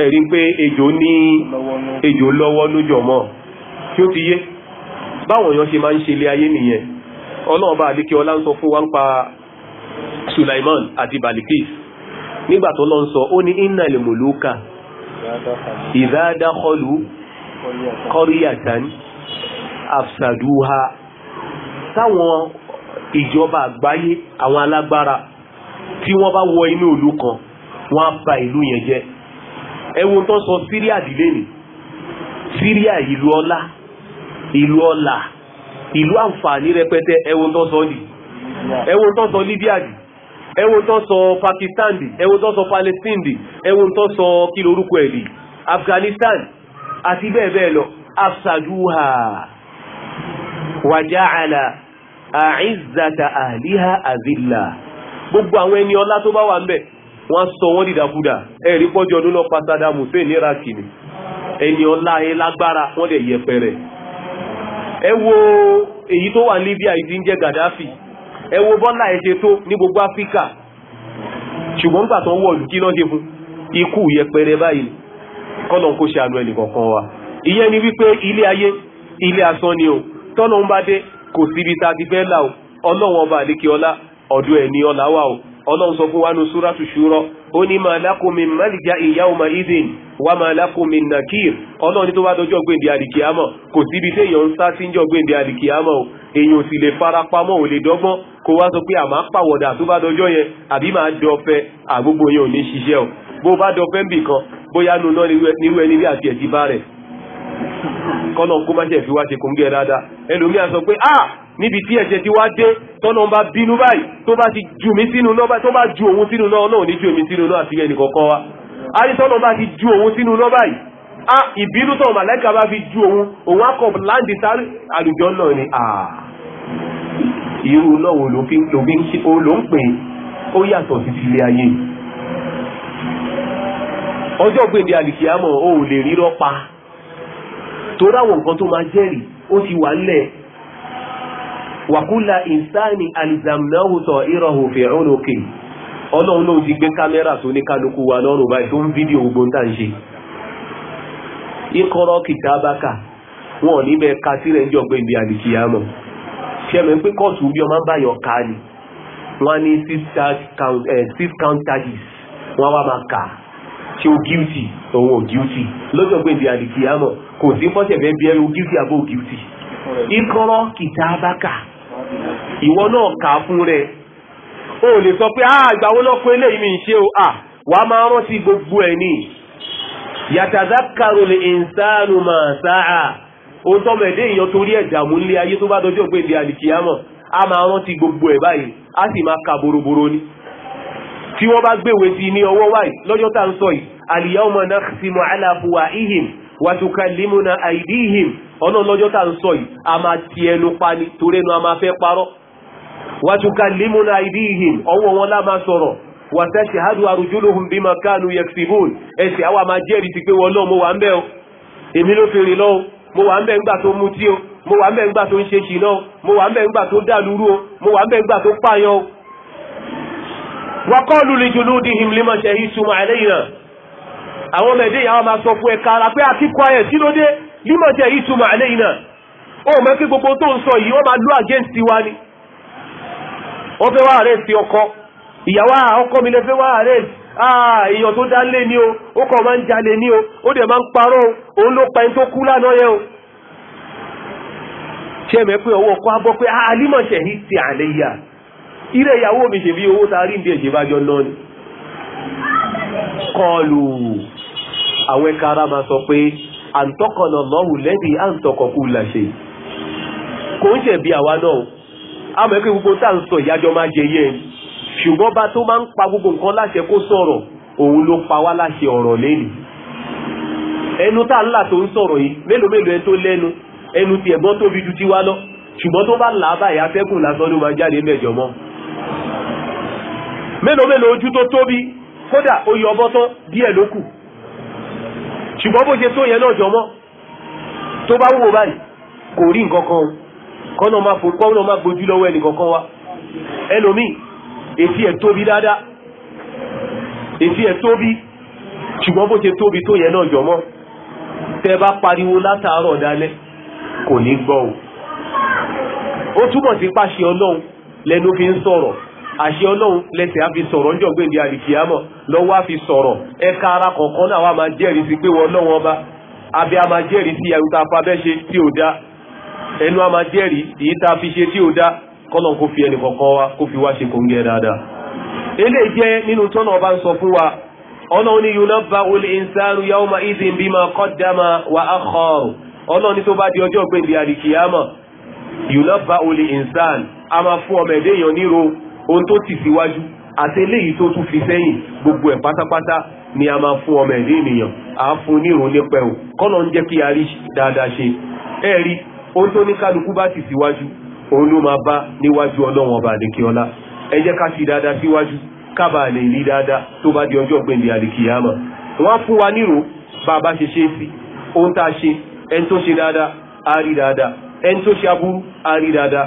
ẹ̀rí pé ejò ní ejò lọ́wọ́ lójọ́ mọ́ tí ó ti yé báwọn èèyàn ṣe máa ń ṣe ilé ayé nìyẹn ọlọ́ọ̀bá àdíkẹ́ ọlá ń sọ fún wa ń pa Sulaiman àti Balikis nígbà tó lọ ń sọ ó ní inna al-muluka idha dakhalu qaryatan afsaduha táwọn ìjọba àgbáyé àwọn alágbára tí wọ́n bá wọ inú ìlú kan wọ́n á ìlú yẹn jẹ́ ẹwọ́n tó sọ Síríà dìlé ni Síríà ìlú ọlá ìlú ọlà ìlú àǹfààní rẹpẹtẹ ẹwọ́n tó sọ ní ẹwọ́n tó sọ Libya dì ẹ wo tó sọ Pakistan di ẹ wo tó sọ Palestine di ẹ wo tó sọ kí lorúkọ ẹ̀ di Afghanistan àti bẹ́ẹ̀ bẹ́ẹ̀ lọ afsaduha wàjáàlà àìzàtà àhìlíhà àzìlà gbogbo àwọn ẹni ọlá tó bá wà ń bẹ̀ wọ́n sọ wọ́n dìdàkudà ẹ̀rí pọ́jọ ọdún lọ pàtàdà mùsùlùmí ní iraki ni ẹni ọlá ẹ lágbára wọ́n lè yẹpẹrẹ ẹ wo èyí tó wà ní Libya ìdí ń jẹ́ Gaddafi ẹ wo bọ́lá ẹ ṣe tó ní gbogbo áfíríkà ṣùgbọ́n gbà tó ń wọ̀ kí náà dé fún ikú yẹpẹrẹ báyìí kọ́nà kó ṣe àánú ẹnì kọ̀ọ̀kan wa ìyẹn ni wípé ilé ayé ilé asán ni o tọ́nà ń bá dé kò síbi tá a ti fẹ́ là o ọlọ́wọ́n ọba àdékè ọlá ọ̀dọ̀ ẹ̀ ní ọlá wà o ọlọ́run sọ fún wa ní súrátù ṣúrọ́ ó ní máa lákòmí mẹ́lìjá ìyá ọmọ ìdìn wá máa lákòmí nàkír ọlọ́run ní tó bá dọjọ́ gbèǹdé àdìkíámọ̀ kò síbi tí èèyàn ń sá sí ń jọ gbèǹdé àdìkíámọ̀ o èèyàn ò sì lè fara pamọ́ ò lè dọ́gbọ́n kó wá sọ pé àmọ́ pàwọ̀dà tó bá dọjọ́ yẹn àbí máa dọ̀fẹ́ àgbógbó yẹn ò ní ṣiṣẹ́ o bó bá dọ̀fẹ́ nbì ẹlòmíà sọ pé ah níbi tí ẹ̀jẹ̀ ti wá dé tọ́nà bá bínú báyìí tó bá ti jù mí sínú náà tó bá ju òun sínú náà náà ní ju èmi sínú náà àti ẹnì wa a ní tọ́nà bá ti ju òun sínú náà báyìí a ìbínú tọ̀ màláìka bá fi ju òun òun akọ̀ láǹdì sáré àlùjọ náà ni a. irú náà wo ló ń pè ó yàtọ̀ sí ti ilé ayé ọjọ́ gbèdé àlìkíyàmọ̀ o ò lè rírọ́ pa torí àwọn nǹkan tó máa jẹ́rìí ó ti wà nílẹ̀ Wakula ìsáni alzamnahu ta'irahu fi unuqi ọlọ́run náà ti gbé kámẹ́rà tó ní kálukú wa lọ́rùn báyìí tó ń fídíò ogun tá ń ṣe ikoro kìtàbákà wọn ní bẹ ka sílẹ̀ ní ibi àdìkìyàmọ̀ ṣẹ́mi pé kóòtù bí ọmọ ká ni wọ́n ní eh, six count charges wọ́n wá máa kà ṣe o guilty òun ò guilty lọ́jọ́ ọgbẹ́ ibi àdìkìyàmọ̀ kò sí fọ́sẹ̀ bí guilty àbó guilty ìwọ náà kà á fún rẹ o lè sọ pé àgbà ah, wo lọ fún eléyìí mi ń ṣe o à wà á máa rántí gbogbo ẹ̀ ní yàtàdákàrò lè ìǹsánu máa sáà ohun tọ́mọ ẹ̀dẹ́ èèyàn torí ẹ̀dààmú nílé ayé tó bá dọjọ́ pé ìdí àlìkìyàmọ̀ a máa rántí gbogbo ẹ̀ báyìí a sì máa ka boroboro ni tí wọ́n bá gbèwé sí ní ọwọ́ wáyìí lọ́jọ́ tá ń sọ yìí al-yawma nakhtimu ala afwahihim wa tukallimuna aydihim ọ̀nà lọ́jọ́ tá ń sọ yìí a máa ti ẹnu pa ni torí ẹnu a máa fẹ́ parọ́ wàtúkàlímùnà àìdíhìn ọwọ́ wọn láà sọ̀rọ̀ ma hádùn àrùjúlùhùn bí máa kánú yẹksibún ẹsẹ̀ àwa máa ti pé wọn náà mo wà ń o èmi ló fi rìn mo wà ń ńgbà tó o mo wà ń bẹ̀ ńgbà tó ń ṣe ṣì náà mo wà ń ńgbà tó o mo wà ń bẹ̀ ńgbà tó pààyàn o. wakọ́ọ̀lù di him lè ṣe náà àwọn ọmọ ó fẹ́ wá ọkọ ìyàwó ọkọ mi lè fẹ́ wá àrẹ́ ah, tó dá lé ní o ó kàn máa ń jalè ní o ó dẹ̀ máa ń parọ́ òun ló pa ẹni tó kú lánàá o ṣé ẹ̀mẹ́ pé ọwọ́ ọkọ abọ́ pé yìí ti ilé ìyàwó mi ṣe bí owó ta rí bá jọ náà ni kọlù àwọn ara máa sọ pé àǹtọ́kọ̀nà lọ́wù lẹ́bi àǹtọ́kọ̀kù àmọ́ ẹgbẹ́ gbogbo tá à ń sọ ìyájọ́ máa jẹ yẹ ṣùgbọ́n bá tó máa ń pa gbogbo nǹkan láṣẹ kó sọ̀rọ̀ òun ló pa wá láṣẹ ọ̀rọ̀ lẹ́nu ẹnu tá à ń là tó ń sọ̀rọ̀ yìí mélòó mélòó ẹ tó lẹ́nu ẹnu ti ẹ̀gbọ́n tóbi ju tiwa lọ ṣùgbọ́n tó bá là á báyìí afẹ́kùn lásán ló máa jáde mẹ́jọ mọ́ mélòó mélòó ojú tó tóbi kódà ó ọbọ tán díẹ̀ ló kù ṣùgbọ́n bó ṣe tó yẹn náà jọmọ́ tó bá wúwo kọ́nà máa fò kọ́nà máa gbójú lọ́wọ́ ẹnì kọ̀ọ̀kan wa ẹlòmíì èsì ẹ̀ tóbi dáadáa èsì ẹ̀ tóbi ṣùgbọ́n bó ṣe tóbi tó yẹn náà jọmọ́ tẹ́ bá pariwo látàárọ̀ dalẹ́ kò ní gbọ́ o ó túbọ̀ sí pàṣẹ ọlọ́run lẹ́nu fi ń sọ̀rọ̀ àṣẹ ọlọ́run lẹ́sẹ̀ á fi sọ̀rọ̀ níjọ́ gbèǹdé àlìkìyàmọ̀ lọ́wọ́ á fi sọ̀rọ̀ ẹ̀ka ara kọ̀ọ̀kan náà wà máa jẹ́rìí sí pé wọ́n lọ́wọ́ ọba abẹ́ á máa jẹ́rìí sí ẹ̀rù tá tí ò dáa ẹnu a máa jẹ́rìí èyí tá a fi ṣe tí ó dá kọ́nà kó fi ẹnì kọ̀ọ̀kan wa kó fi wá ṣe kòńgẹ́ dáadáa eléyìí jẹ́ nínú tọ́nà ọba ń sọ fún wa ọ̀nà òní yunabbahu al-insanu yawma idhin bima qaddama wa akhar ọ̀nà òní tó bá di ọjọ́ gbèndé àlìkìyàmọ̀ yunabbahu al-insan a máa fún ọmọ ẹ̀dẹ́ èèyàn níro ohun tó ti síwájú àti eléyìí ni a máa fún ọmọ ẹ̀dẹ́ ènìyàn à á fún níro nípẹ́ o kọ́nà ń jẹ́ kí a rí dáadáa ṣe ẹ̀rí ohun tó ní kálukú bá sì síwájú òun ló máa bá níwájú ọlọ́run ọba àdékè ọlá ẹ jẹ́ ká ṣe dáadáa síwájú kábàá lè rí dáadáa tó bá di ọjọ́ gbẹ̀ndẹ̀ àdìkìyàmọ̀ wọ́n fún wa nírò bá a bá ṣe ṣe sí ohun tá a ṣe ẹni tó ṣe dáadáa á rí dáadáa ẹni tó ṣe aburú á rí dáadáa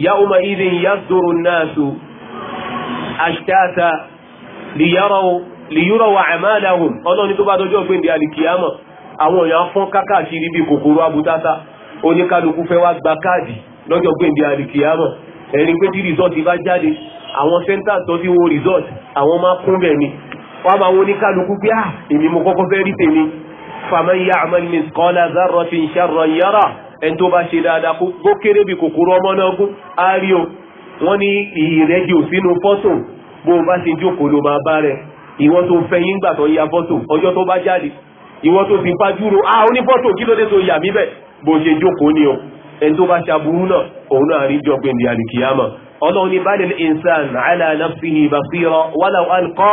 يومئذ يصدر الناس أشتاتا ليروا ليروا أعمالهم ọlọ́ni tó بعد dọjọ́ pé ní alìkìyàmọ̀ àwọn èèyàn fọ́n kákàkiri bí kòkòrò abútátá oníkálukú fẹ́ wá gba káàdì lọ́jọ́ pé ní alìkìyàmọ̀ ẹni pé tí rìsọ́ọ̀tì bá jáde àwọn sẹ́ńtà tó ti wo rìsọ́ọ̀tì àwọn máa kún bẹ̀ ni wọ́n máa wo oníkálukú pé à ah, èmi mo kọ́kọ́ fẹ́ rí tèmi ẹni tó bá ṣe dáadáa kó bó kéré bí kòkòrò ọmọ náà gún á rí o wọ́n ní ìrẹ́jì ò sínú fọ́tò bó o bá ṣe jókòó ló máa bá rẹ ìwọ́n tó fẹ́ yín gbà tó ya fọ́tò ọjọ́ tó bá jáde ìwọ́n tó ti fájúro á ah, onífọ́tò kí ló dé tó yà mí bẹ̀ bó ṣe jókòó ni o ẹni tó bá ṣaburú náà òun náà rí jọ pé ní àlìkìyàmọ̀ ọlọ́run ní balẹ̀ insan ala nafsihi basira wàlà alqa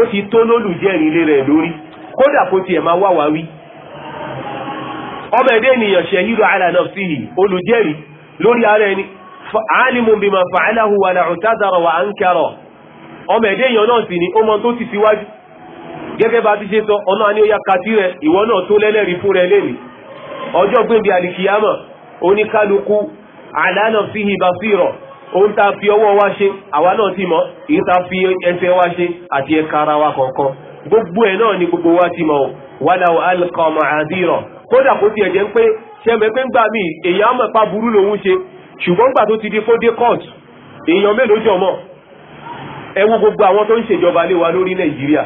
ó ti tó lólùjẹ́rìí lé rẹ̀ lórí kódà kó tiẹ̀ máa wá wá wí. ọmọ ẹ̀dẹ́ ènìyàn ṣẹ̀hídù of nafsihi olùjẹ́rìí lórí ara ẹni alimu bima fa'alahu wa la'utadara wa ankara ọmọ ẹ̀dẹ́ èèyàn náà sì ni ó mọ tó ti síwájú gẹ́gẹ́ bá ti ṣe sọ ọ̀nà àní oyà kàtí rẹ ìwọ náà tó lẹ́lẹ́rìí fún rẹ lẹ́nu ọjọ́ gbẹ̀bí àlìkìyàmọ̀ oníkálukú ala nafsihi basira ohun tá fi ọwọ́ ṣe àwa náà ti mọ̀ èyí fi ẹsẹ̀ ṣe àti ẹ̀ka ara wa kọ̀ọ̀kan gbogbo ẹ̀ náà ni gbogbo wa ti mọ̀ wàláwò alqa ma'adira kódà kó tiẹ̀ jẹ́ pé ṣẹ́mi pé ń gbà mí èyàn á mọ̀ pa burú lòun ṣe ṣùgbọ́n gbà tó ti di fódé court èèyàn mélòó jọ mọ̀ ẹ wo gbogbo àwọn tó ń ṣèjọba lé wa lórí nàìjíríà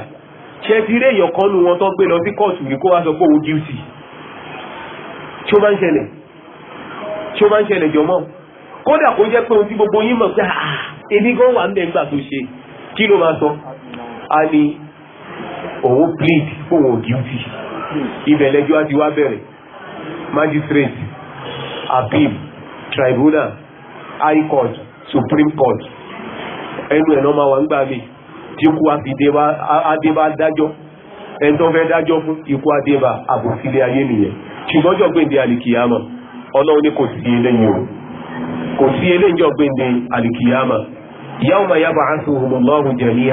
ṣe ti rí èèyàn kan nu wọn tó gbé lọ sí court rí kó wá sọ pé òun guilty tí ó bá ń ṣẹlẹ̀ tí ó bá ń ṣẹlẹ̀ jọ mọ̀ kódà kó jẹ́ pé ohun tí gbogbo yín mọ̀ pé ah, èmi gan wà ń bẹ̀ ń gbà tó ṣe kí ló máa sọ a ní òun plead fóun ò guilty ibẹ̀ lẹ́jọ́ wá appeal tribunal high court supreme court ẹnu enoma náà máa wà ń gbà mí tí kú àfidébá dájọ́ ẹni fẹ́ dájọ́ fún ikú adébá àbòsílẹ̀ ayé nìyẹn ṣùgbọ́n jọ gbèǹde ọlọ́run ní kò sí o kò sí jọ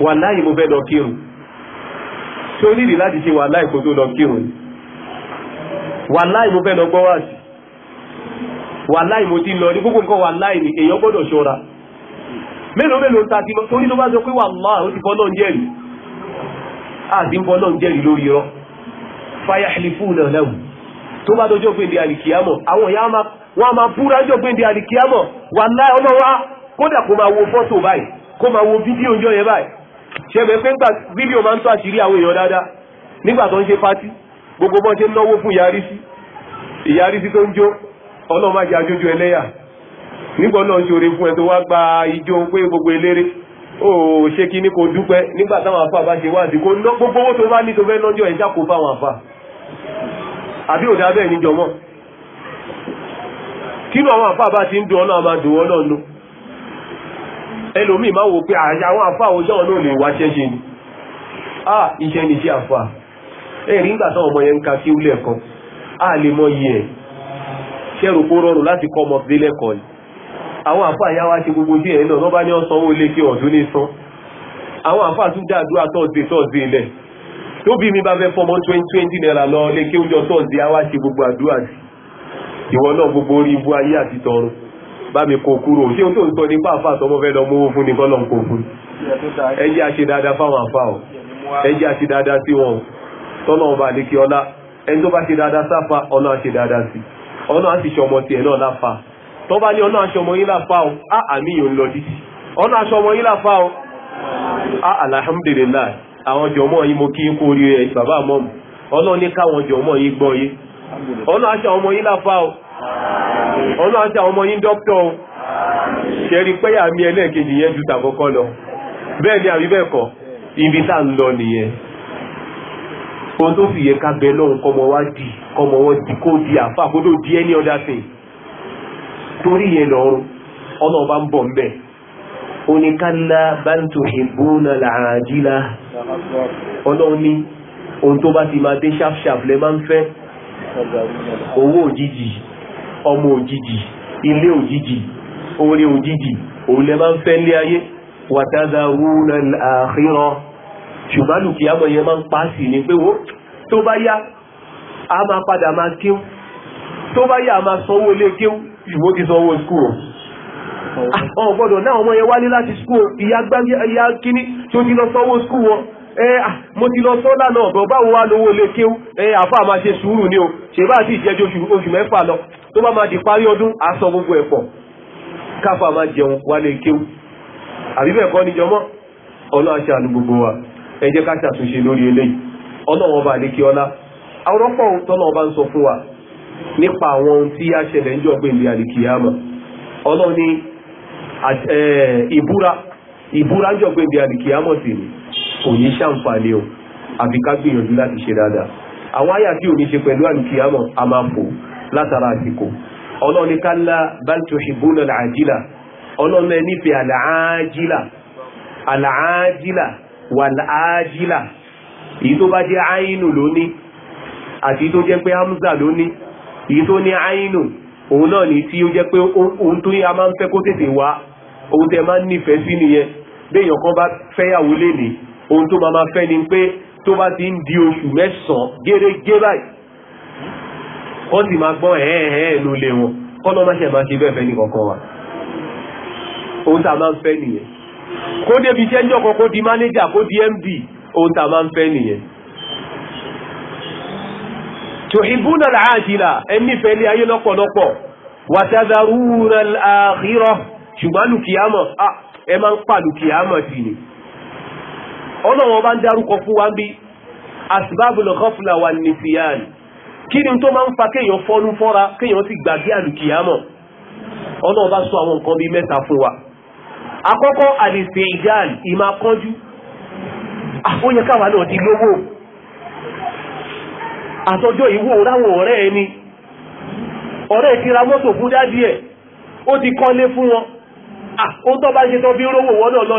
wàláì mo fẹ́ lọ kírun tí ó nílì láti ṣe wàláì kó tó lọ kírun wàláì mo fẹ́ lọ gbọ́ wáàsí wàláì mo ti lọ ní gbogbo nǹkan wàláì ní èèyàn gbọ́dọ̀ ṣọ́ra mélòó mélòó ta ti mọ torí ló bá sọ pé wàláì ó ti fọ́ náà jẹ́rìí àti ń fọ́ náà lórí rọ fáyà ẹlẹ́fù náà lẹ́wù tó bá dọjọ́ pé di àlìkíyàmọ̀ àwọn ìyá wọn a máa búra jọ pé di àlìkíyàmọ̀ wàláì ọmọ wa kódà kó máa wo fọ́tò báyìí kó máa wo fídíò ọjọ́ yẹn báyìí ṣẹ́bẹ̀ pé nígbà fídíò máa ń tó àṣírí àwọn èèyàn dáadáa nígbà tó ń ṣe pátí gbogbo bọ́n ṣe ń náwó fún Iyarisi ìyárísí tó ń jó ọlọ́run má jẹ́ ajójú ẹlẹ́yà nígbà náà ń ṣoore fún ẹ wá gba ijó pé gbogbo eléré ó ṣe kí ní kò dúpẹ́ nígbà táwọn àfà bá ṣe wá ná gbogbo owó tó bá ní tó fẹ́ lọ́jọ́ ẹ̀ fáwọn àbí níjọ mọ́ ẹlòmíì máa wò pé àyà àwọn àfà òjò náà lè wá ṣẹ́ṣe ni a, iṣẹ́ ni iṣẹ́ àfà ẹ̀rí nígbà táwọn ọmọ yẹn ń ka sí ilé ẹ̀kọ́ a lè mọ iye ẹ̀ ṣẹ́rù kó rọrùn láti kọ́ ọmọ sí lẹ́kọ̀ọ́ ni àwọn àfà àyà wa ṣe gbogbo díẹ̀ náà lọ́ba ní ọ̀sán owó lé kí ọ̀dún ní sán àwọn àfà tún dáadúrà tọ́ọ̀dé tọ́ọ̀dé ilẹ̀ tó bí mi bá fẹ́ fọmọ twenty twenty naira lọ lé kí oúnjẹ tọ́ọ̀dé àwa ṣe gbogbo àdúrà sí ìwọ náà gbogbo orí ibú ayé àti tọrùn bá mi kó kúrò o tó ń sọ ní pàápàá tọmọ fẹ́ lọ fún ní kọ́lọ̀ ń kó fún a ṣe dáadáa fáwọn àfáà o a ṣe dáadáa sí wọn tọ́nà ọba àdékí ọlá ẹni tó bá ṣe dáadáa sáfà ọ̀nà àṣe dáadáa sí ọ̀nà náà láfa bá ní o á àníyàn ń lọ ọ̀nà àṣọmọ yín láfa o á alhamdulilayi àwọn ọlọ́run àti àwọn ọmọ yín dókítọ̀ o ṣẹ́rí pẹ́yà mi ẹlẹ́ẹ̀kejì yẹn ju tàkọ́kọ́ lọ bẹ́ẹ̀ ni àbí ibi tá ń lọ nìyẹn ohun tó fi yẹ ká bẹ lọ́hùn kọ́mọ wá di kọ́mọ wọn di kó di àfa kó tó di any other thing torí yẹn lọ́rùn ọlọ́run bá ń bọ̀ ń bẹ̀ oníkálá bá ń tò ìbúnà làràjílá ọlọ́run ní ohun tó bá ti máa dé ṣáfṣáf lẹ́ máa ń fẹ́ owó òjijì ọmọ òjijì ilé òjijì orí òjijì òun lẹ máa ń fẹ́ lé ayé wàtàdà rúnà àkíràn ṣùgbọ́n lùkìyàmọ̀ yẹn máa ń pa sí ni pé wo tó bá yá a máa padà máa kéw tó bá yá a máa sanwó ilé kéw ṣùgbọ́n ti sanwó skul ọ̀ gbọ́dọ̀ náà ọmọ yẹn wálé láti skul ìyá gbági ìyá kíní tó ti lọ sanwó skul wọn mo ti lọ sọ́lá náà bọ̀ báwo wá lówó ilé kéw àfáà máa ṣe sùúrù ni o ṣèbá àti ìjẹ́jọ́ oṣù mẹ́fà lọ tó bá máa di parí ọdún aṣọ gbogbo ẹ̀pọ̀ káfà máa jẹun wálé kéwú àbí bẹ́ẹ̀ níjọmọ́ ọlọ́ àṣà àlù gbogbo wa ẹ ká ṣàtúnṣe lórí eléyìí ọlọ́wọ́n bá lékè ọlá àwòrọ́pọ̀ tọ́lọ́ bá ń sọ fún wa nípa àwọn ohun tí a ń jọ ní ìbúra ìbúra ń jọ o àbí ká gbìyànjú láti ṣe dáadáa àwọn àyà tí látara àsìkò ọlọ́ni kálá bal tuhibbuna al-ajila ọlọ́ni ẹ nífẹ̀ẹ́ al-ajila al-ajila wal-ajila èyí tó bá jẹ́ àínù lóní àti tó jẹ́ pé hamza lóní èyí tó ní àínù òun náà ní tí ó jẹ́ pé ohun tó yá máa ń fẹ́ kó tètè wá ohun tẹ máa ń nífẹ̀ẹ́ sí nìyẹn béèyàn kan bá fẹ́yàwó lè ní ohun tó máa máa fẹ́ ni pé tó bá ti ń di oṣù mẹ́sàn-án gérégé báyìí ó sì máa gbọ́n ẹ̀ẹ́ẹ̀ẹ́ ló lé wọn kọ́nà máṣẹ̀ máa ṣe bẹ́ẹ̀ fẹ́ ní kọ̀ọ̀kan wa ohun tá a máa ń fẹ́ nìyẹn kó débi iṣẹ́ ńjọ́ kan kó di mánéjà kó di md ohun tá a máa ń fẹ́ nìyẹn tòhìbùnà làájìlá ẹni fẹ́lẹ́ ayé lọ́pọ̀lọpọ̀ pa lùkìyàmọ̀ sí ni ọlọ́wọ́n bá ń dárúkọ fún wa bí asbábùlù wà nìfìyàn kí ni tó máa ń fa kéèyàn fọ́nú fọ́ra kéèyàn ti gbàgbé àlùkìyàmọ̀ ọlọ́ọ̀bá sọ àwọn nǹkan bíi mẹ́ta fún wa àkọ́kọ́ àlèsè ìjáàlì ìmá kánjú àfóyẹ ah, káwà náà ti lówó àtọjọ́ ìwò ráwọn ọ̀rẹ́ ẹni ọ̀rẹ́ ti ra mọ́tò fún dádì ẹ̀ ó ti kọ́lé fún wọn ah, ó tọ́ bá ṣe tọ́ bí rówó wọn náà lọ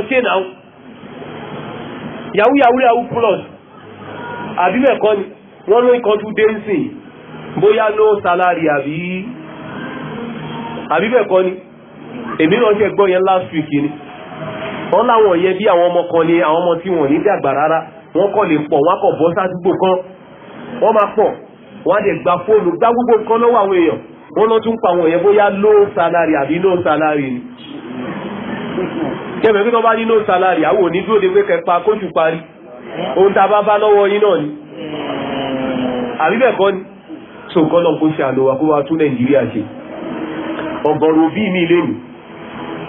náà plus ni wọ́n ló bóyá no salary àbí àbí bẹ́ẹ̀ kọ́ ni èmi náà ṣe gbọ́ yẹn last week ni wọ́n láwọn yẹn bí àwọn ọmọ kan ni àwọn ọmọ tí wọ́n ní dàgbà rárá wọ́n kọ́ lè pọ̀ wọ́n kọ̀ bọ́ sádùúgbò kan wọ́n máa pọ̀ wọ́n á dẹ̀ gba fóònù gbá gbogbo nǹkan lọ́wọ́ àwọn èèyàn wọ́n lọ tún pa àwọn èèyàn bóyá low salary àbí no salary ni kẹ́mẹ̀ pé tó bá ní no salary àwọn òní dúró de pé kẹpa kóṣù parí ohun tá a bá bá lọ́wọ́ yín náà ni àbí bẹ́ẹ̀ kọ́ ni so kọ́nà kó ṣe àná wa kó wa tún nàìjíríà ṣe ọ̀gọ̀rùn bí mi lérò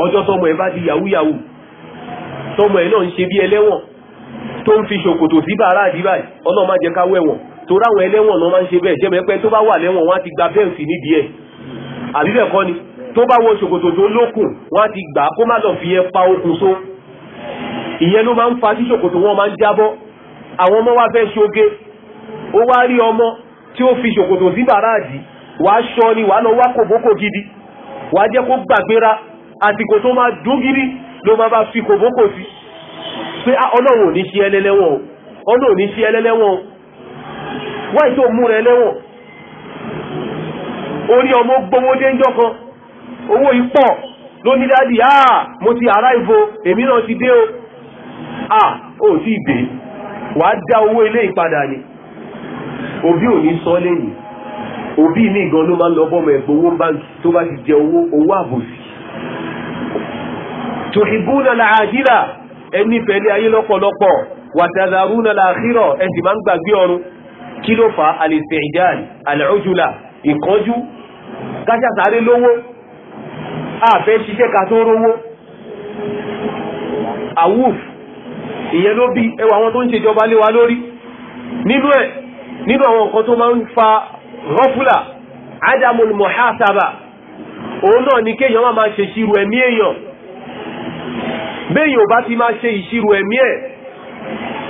ọjọ́ tọmọ ẹ bá di yahoo yahoo tọmọ ẹ náà ń ṣe bí ẹlẹ́wọ̀n tó ń fi ṣòkòtò sí bàárà àdìbà ọlọ́run má jẹ́ ká wẹ̀wọ̀n tó ráwọn ẹlẹ́wọ̀n náà máa ń ṣe bẹ́ẹ̀ jẹ́ mẹ́pẹ́ tó bá wà lẹ́wọ̀n wọn á ti gba bẹ́ẹ̀sì nídìí ẹ̀ àbí kọ́ ni tó bá wọ ṣòkòtò tó lókùn wọn á ti gbà kó má lọ fi ẹ pa okùn so ìyẹn ló máa ń fa tí ṣòkòtò wọn máa ń jábọ́ àwọn ọmọ wa fẹ́ ṣoge ó wá rí ọmọ tí ó fi ṣòkòtò sí bàràdì wàá ṣọ́ ni wàá lọ wá kòbókò gidi wàá jẹ́ kó gbàgbéra àsìkò tó máa dún gidi ló máa bá fi kòbókò sí pé ah, ọlọ́run ò ní ṣe ẹlẹ́lẹ́wọ̀n ọlọ́run ò ní ṣe ẹlẹ́lẹ́wọ̀n wáyé tó mú rẹ lẹ́wọ̀n orí ọmọ gbowó déńjọ́ kan owó ipọ̀ ló ní dádì áà ah, mo ti ará ìfo èmi náà ti dé o à ó sì dé wàá dá owó ilé ìpadà ni òbí ò ní sọ lẹ́yìn òbí mi gan ló máa ń lọ bọ́mọ ẹ̀gbọ́n owó báńkì tó bá ti jẹ owó owó àbòsí. tòhìbùnà làádìrà ẹni pẹ̀lú ayé lọ́pọ̀lọpọ̀ wàtàzàrúnà làákírọ̀ ẹ sì máa ń gbàgbé ọ̀run kí ló fà á àlèsè ìdáàn àlẹ́ọ́jùlà ìkánjú káṣàsáré lówó àfẹ́ ṣiṣẹ́ ká tó rówó àwùf ìyẹn ló bí ẹwà àwọn tó ń ṣèjọba lé wa lórí nínú ẹ̀ nínú àwọn nǹkan tó máa ń fa rọ́fúlà ádámù mọ̀hásábà òun náà ni kéèyàn máa ṣe ìṣirò ẹ̀mí èèyàn béèyàn bá ti máa ṣe ìṣirò ẹ̀mí ẹ̀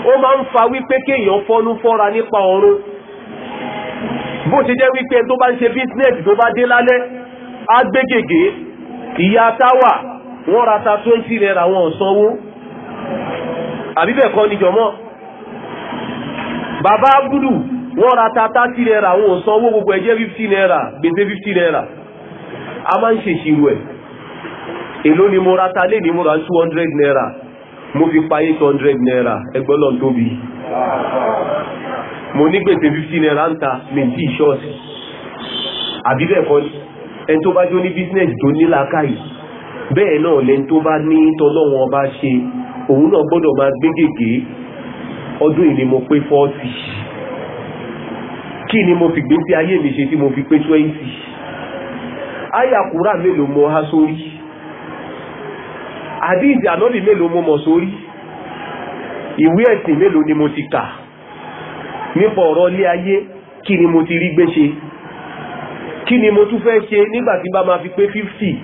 ó máa ń fa wípé kéèyàn fọ́nú fọ́ra nípa ọ̀run bó ṣe jẹ́ wípé tó bá ń ṣe business tó bá dé lálẹ́ á gbé gègé ìyá táwà wọ́n ra ta twenty naira wọn ò sanwó àbí kọ́ ni jọ̀mọ́ bàbá abdulu wọ́n ra ta thirty naira àwọn ò sanwó gbogbo ẹ̀jẹ̀ fifty naira gbèsè fifty naira a máa ń ṣèṣirò ẹ̀ èló ni mo ra ta lé ní mo ra two hundred naira mo fi pa eight hundred naira ẹgbẹ́ náà tóbi mo ní gbèsè fifty naira ń ta méjì ṣọ́ọ̀ṣì àbí bẹ́ẹ̀ kọ́ ẹni tó bá jó ní bísínẹ́sì tó ní làákàyè bẹ́ẹ̀ náà lẹ́ni tó bá ní tọ́lọ́wọ́n bá ṣe òun náà gbọ́dọ̀ máa gbé ọdún yìí fọ́ọ̀tì kí ni mo fi gbé sí ayé mi ṣe tí mo fi pé twenty àyà kúrà mélòó mo há sórí àdíìsì ànọ́lì mélòó mo mọ̀ sórí ìwé ẹ̀sìn mélòó ni mo ti kà nípa ọ̀rọ̀ ilé ayé kí ni mo ti rí gbé ṣe kí ni mo tún fẹ́ ṣe nígbà bá máa fi pé fifty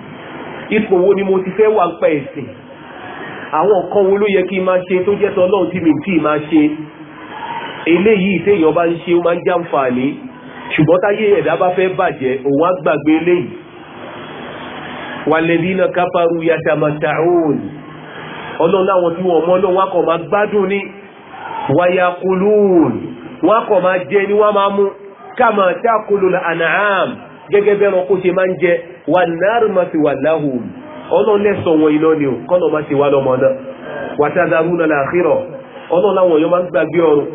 ipò wo ni mo ti fẹ́ wà ń ẹ̀sìn àwọn nǹkan wo ló yẹ kí n máa ṣe tó jẹ́ tọ́lọ́run tí mi tí ì máa ṣe eléyìí téèyàn bá ń ṣe ó máa ń jàǹfààní ṣùgbọ́n táyé ẹ̀dá bá fẹ́ bàjẹ́ òun á gbàgbé eléyìí wàlẹ́dínà káfàrú yàtàmàtàún ọlọ́run àwọn tí wọ́n mọ́ náà wọ́n kọ̀ máa gbádùn ní wàyàkùlùún wọ́n kọ̀ máa jẹ ní wọ́n máa mú kàmà tákùlù ànàám gẹ́gẹ́ bẹ́ẹ̀ kó ṣe máa ń jẹ wà náàrú máa wà láhùn ọlọ́run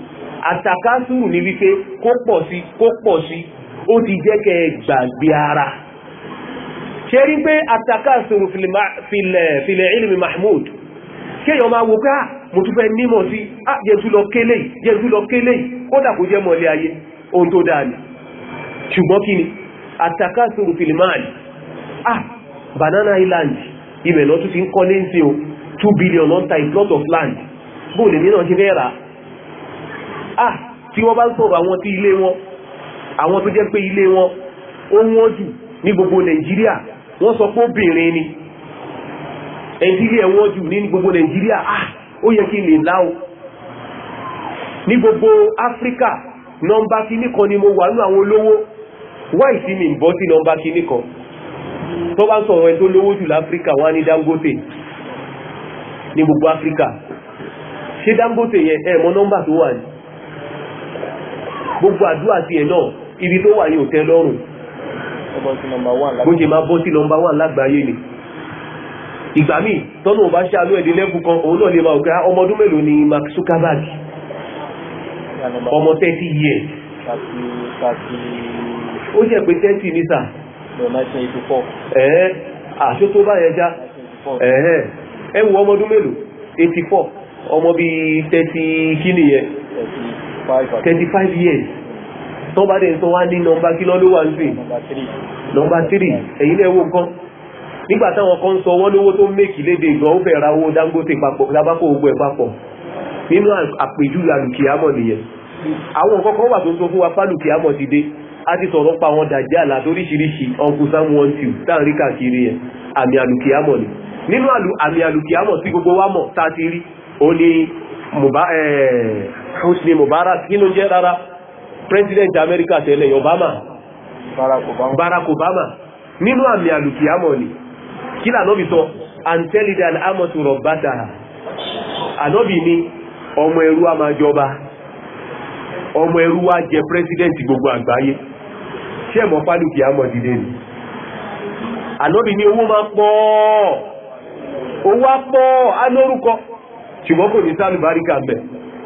àtàkásùrù ni wípé kó pọ̀ sí kó pọ̀ sí ó ti jẹ́ kẹ́ ẹ gbàgbé ara ṣe rí pé àtàkásùrù filẹ̀ ilmi mahmud kéèyàn máa wo pé à ah, mo tún fẹ́ nímọ̀ sí à ah, jẹ́sú lọ kélé jẹ́sú lọ kélé kódà kò jẹ́ mọ̀lẹ́ ayé ohun tó dáa ni ṣùgbọ́n kí ni àtàkásùrù filimani ah banana island ibẹ̀ lọ́tún ti ń kọ́ lẹ́sìn o two billion lọ́ta is lot of land bóòlù mìíràn ṣe fẹ́ rà á ah tí wọ́n bá ń sọ̀rọ̀ àwọn tí ilé wọn àwọn tó jẹ́ pé ilé wọn ó wọ́n jù ní gbogbo nàìjíríà wọ́n sọ pé obìnrin ni ẹni tí ilé ẹ̀ wọ́n jù ní gbogbo nàìjíríà ah ó yẹ kí lè lá ní gbogbo áfíríkà nọ́mbà kíní kan ni mo wà nínú àwọn olówó wáì sí mi bọ́ sí nọ́mbà kíní kan tó bá ń sọ̀rọ̀ ẹ tó lówó jù láfíríkà wá ní Dangote ní gbogbo áfíríkà ṣé Dangote yẹn ẹ mọ nọ́mbà tó wà ní gbogbo àdúrà sí ẹ̀ náà ibi tó wà ní òtẹ́ lọ́rùn bó ṣe máa bọ́ sí nọmba wán lágbàáyé ni ìgbà míì tọ́nù ọba ṣe alú ẹ̀dín lẹ́kùn kan òun náà lè máa gbá ah, ọmọ ọdún mélòó ni Mark Zuckerberg ọmọ thirty years ó jẹ́ pé thirty ní sà ẹ̀ẹ́ àṣó tó bá yẹn já ẹ̀ẹ́ ẹ̀wù ọmọ ọdún mélòó eighty four ọmọ bíi thirty kí nìyẹn 35 years tó bá dẹ̀ tó wá ní nọmbà kí lọ ló wà ń sìn nọmbà 3 ẹ̀yìn lẹ́ wo nǹkan nígbà táwọn kan sọ wọ́n lówó tó mẹ́kì léde ìgbọ̀n ó fẹ́ ra owó Dangote papọ̀ lábápọ̀ ogun ẹ̀ papọ̀ nínú àpèjúwe àlùkìyàmọ̀ nìyẹn àwọn nǹkan kan wà tó ń sọ fún wa pálùkìyàmọ̀ ti dé a ti sọ̀rọ̀ pa wọn dàjẹ́ àlà toríṣiríṣi ọkùn sáwọn tí ò táàrí kàkiri ẹ̀ àmì àlùkìyàmọ̀ ni nínú àmì àlùkìyàmọ̀ tí gbogbo wa mọ̀ tá a ti rí ó ní eh, Hosni Mubarak kí ló jẹ́ rárá president America tẹ́lẹ̀ Obama Barack Obama nínú àmì àlùkìyàmọ̀ ni kí lànàbì sọ àǹtẹ́lìdà àmọ̀tò rọ̀bátà ànàbì ni ọmọ ẹrú a máa jọba ọmọ ẹrú wa jẹ president gbogbo àgbáyé ṣé ẹ̀mọ́ fálùkìyàmọ̀ dìde ni ànàbì ni owó máa pọ̀ owó á pọ̀ á lórúkọ ṣùgbọ́n kò ní sálùbáríkà bẹ́ẹ̀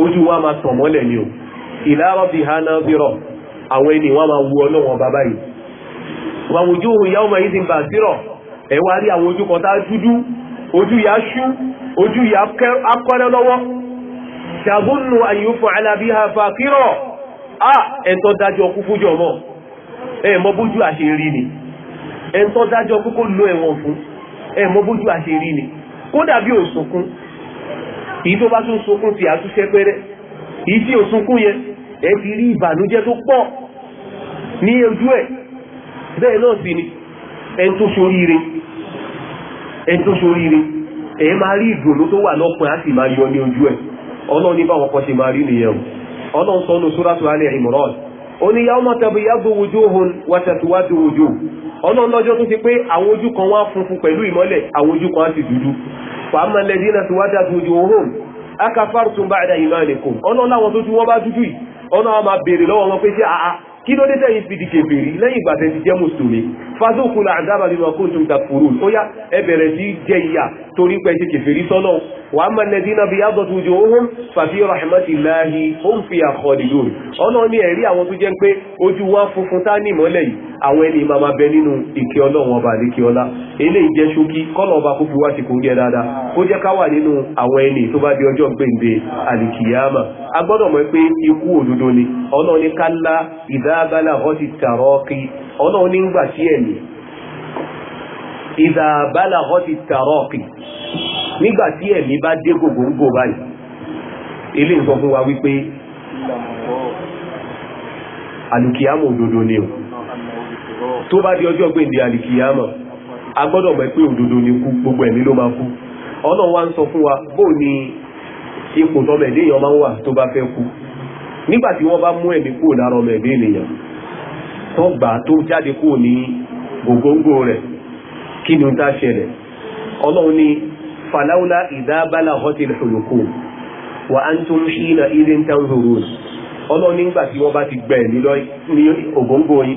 ojú wa máa tàn mọ́lẹ̀ ni o ìlàrọ̀ bí hana bírọ̀ àwọn ẹni wa máa wu ọlọ́wọ́n bàbá yìí wọ́n ojú òun yàwó máa yìí ti bà sírọ̀ ẹ wá rí àwọn ojú kan tá dúdú ojú yà ṣú ojú yà akọ́lẹ́ lọ́wọ́ ha a ẹ̀tọ́ dájọ́ kú mọ́ ẹ mọ bójú àṣírí ni ẹ̀tọ́ dájọ́ kú lo ẹ̀wọ̀n fún ẹ mọ bójú àṣírí ni kódà bí èyí tó bá tún sunkún ti àtúnṣe péré èyí ò sunkún yẹn ẹ ti rí ìbànújẹ tó pọ ní ojú ẹ̀ bẹ́ẹ̀ náà sì ni ẹni tó ẹ máa rí tó wà lọ́pọ̀ á sì máa yọ ní ojú ẹ̀ ọlọ́run ní báwọn máa rí nìyẹn ọlọ́run oní yawma tabyaddu wujuhun wa tatwaddu wujuh ọlọ́run lọ́jọ́ tó ṣe pé àwọn ojú kan wá funfun pẹ̀lú ìmọ́lẹ̀ àwọn ojú kan á sì dúdú fàámà lẹ́dínà tawaddat wujuhum akafartum ba'da imanikum ọlọ́run láwọn tó ju wọ́n bá dúdú yìí ọlọ́run máa béèrè lọ́wọ́ wọn pé ṣé àá kí ló dé tẹ́yìn fi di kèfèrí lẹ́yìn ìgbà tẹ́yìn jẹ́ mùsùlùmí fazókun la àdábà bí wọn kó tó ta kúrú ó yá ẹ bẹ̀rẹ̀ sí jẹ ìyà torí pé ṣe kèfèrí sọ́nà wà á mẹ́lẹ̀ dínà bí yàtọ̀tù ojú ohun fàfi rahmatillahi ó ń fi àkọọ̀dìlò ọlọ́run ní ẹ̀rí àwọn tó jẹ́ pé ojú wa funfun tá ní ìmọ́lẹ̀ yìí àwọn ẹni máa máa bẹ nínú ìkẹ́ ọlọ́run ọba àdékẹ́ ọlá eléyìí jẹ́ ṣókí kọ́nà ọba kó wá sí kòrí ẹ̀ dáadáa ó jẹ́ ká wà nínú àwọn ẹni tó bá di ọjọ́ gbèǹde àlìkìyàmà a mọ̀ pé ikú òdodo ni ọlọ́run ní ká lá ìd idha balaghat at-taraqi ọlọ́run nígbà tí ẹ̀mí idha balaghat at-taraqi nígbà tí ẹ̀mí bá dé gògóńgò báyìí ilé nǹkan fún wa wípé alùkìyàmọ̀ òdodo ni o tó bá di ọjọ́ gbèǹde alùkìyàmọ̀ a gbọ́dọ̀ mọ̀ pé òdodo ni kú gbogbo ẹ̀mí ló máa kú ọlọ́run wá ń sọ fún wa bóò ni ipò tọ́mẹ̀déyàn máa ń wà tó bá fẹ́ kú nígbà tí wọ́n bá mú ẹ̀mí kúrò lára ọmọ ẹ̀mí ènìyàn tó gbà tó jáde kúrò ní gògóńgò rẹ̀ kí ni ó tá ṣẹlẹ̀ ọlọ́run ní fàlàúlà ìdábàlà hotel ṣòlòkò wà á ń tún ṣílà ilé ń tán rorò ọlọ́run nígbà tí wọ́n bá ti gbẹ̀ ní ògóńgò yìí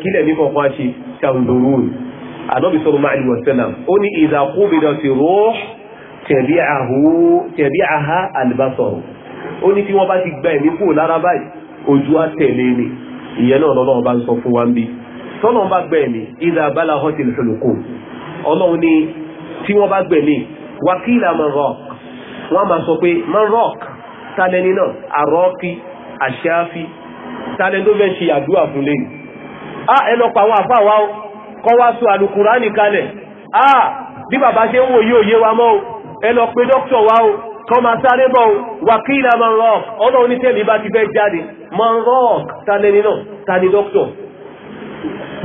kílẹ̀ ní kọ̀ọ̀kan ṣe tán rorò àdọ́bí sọ́rọ̀ máa ìwọ̀ sẹ́nà ó ní ìdàkúbìdà sí rọ́ tẹ̀bí àhá àlìbásọ̀rọ̀ ó ní bí wọ́n bá ti gba ẹ̀mí kúrò lára báyìí ojú á tẹ̀lé ni ìyẹn náà lọ́lọ́run bá ń sọ fún wa ń bí tọ́lọ́run bá gba ẹ̀mí ìdá abala hotel fẹlẹ̀kù ọlọ́run ní tí wọ́n bá gbẹ̀mí wákìlà man rock wọ́n máa sọ pé man rock tálẹ́ni náà àrọ́ọ̀kì àṣáfi tálẹ́ni tó fẹ́ ṣe àdúrà fún lẹ́yìn á ẹnà pa àwọn àfà wa kọ́ wá sọ àlùkùránì kalẹ̀ á bí bàbá ṣe ń wòye òye wa mọ́ ẹnà pé dókítà wa o kọ́ máa sáré bọ̀ wàkílà man rock ọlọ́run ní bá ti fẹ́ jáde man rock tani náà tani dókítọ̀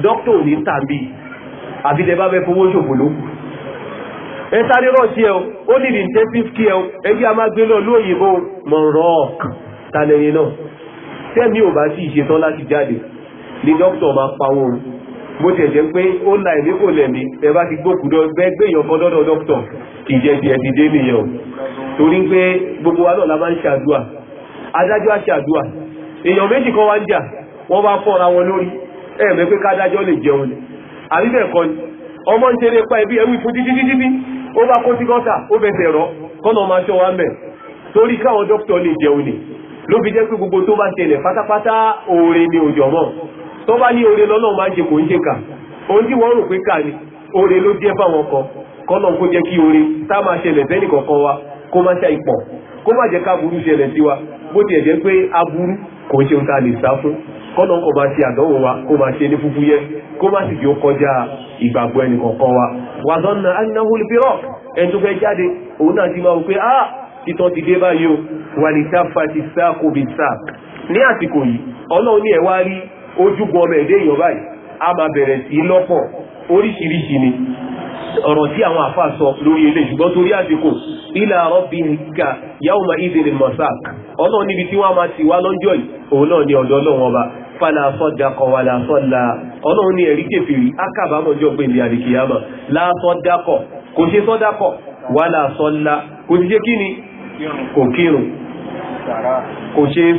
dókítọ̀ ní tàbí àbílẹ̀ bá fẹ́ fowó ṣòfò lókù ẹ sáré rọ̀ṣì ẹ ó ní intensive care ẹ jẹ́ a máa gbé tani náà tẹ́mi ò bá sì ṣetán láti jáde ní bó ti ẹ̀jẹ̀ pé ó la ẹ̀mí kò lẹ̀mí ẹ bá ti gbókù lọ gbé èèyàn lọ́dọ̀ dókítọ̀ ìjẹ̀bi ẹ̀ ti o torí pé gbogbo wa náà la máa ń ṣàdúà adájọ́ àṣàdúà èèyàn méjì kan wá ń jà wọ́n bá fọ́ra wọn lórí ẹ̀ mẹ́ pé kádájọ́ lè jẹun ni àbí bẹ́ẹ̀ kọ́ ni ọmọ ń ṣeré pa ẹbí ẹwì fún títítítí ó bá kó tó bá ní oore lọ́nà máa ma ṣe kò ń ṣe kà ohun tí wọ́n rò pé oore ló jẹ́ fáwọn kan kọ́nà kó jẹ́ kí oore tá máa ṣẹlẹ̀ sẹ́nì kọ̀ọ̀kan wa ṣe kó má jẹ́ ká wa bó tiẹ̀ jẹ́ pé aburú kò ń ṣe ohun tá a lè sá fún kọ́nà kó máa ṣe àdánwò wa kó máa ṣe ní fúfú yẹ kó má sì fi ó kọjá ìgbàgbọ́ ẹnì kọ̀ọ̀kan wa o kò ní àsìkò ojúbọ ọmọ ẹ̀dẹ́ èèyàn báyìí a máa bẹ̀rẹ̀ sí lọ́pọ̀ oríṣiríṣi ni ọ̀rọ̀ tí àwọn àfa sọ lórí ilé ṣùgbọ́n torí àsìkò ila rabbika ma idhil masaq ọlọ́run níbi tí wọ́n máa ti wá lọ́jọ́ yìí òun náà ni ọ̀dọ́ ọlọ́run ọba fala sọ́dakọ̀ wà lásọ́dà ní ẹ̀rí kẹfìrí akábàámọ̀jọ́ pé ní àdìkìyàmọ̀ kò ṣe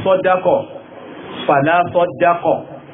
wà kò ni kò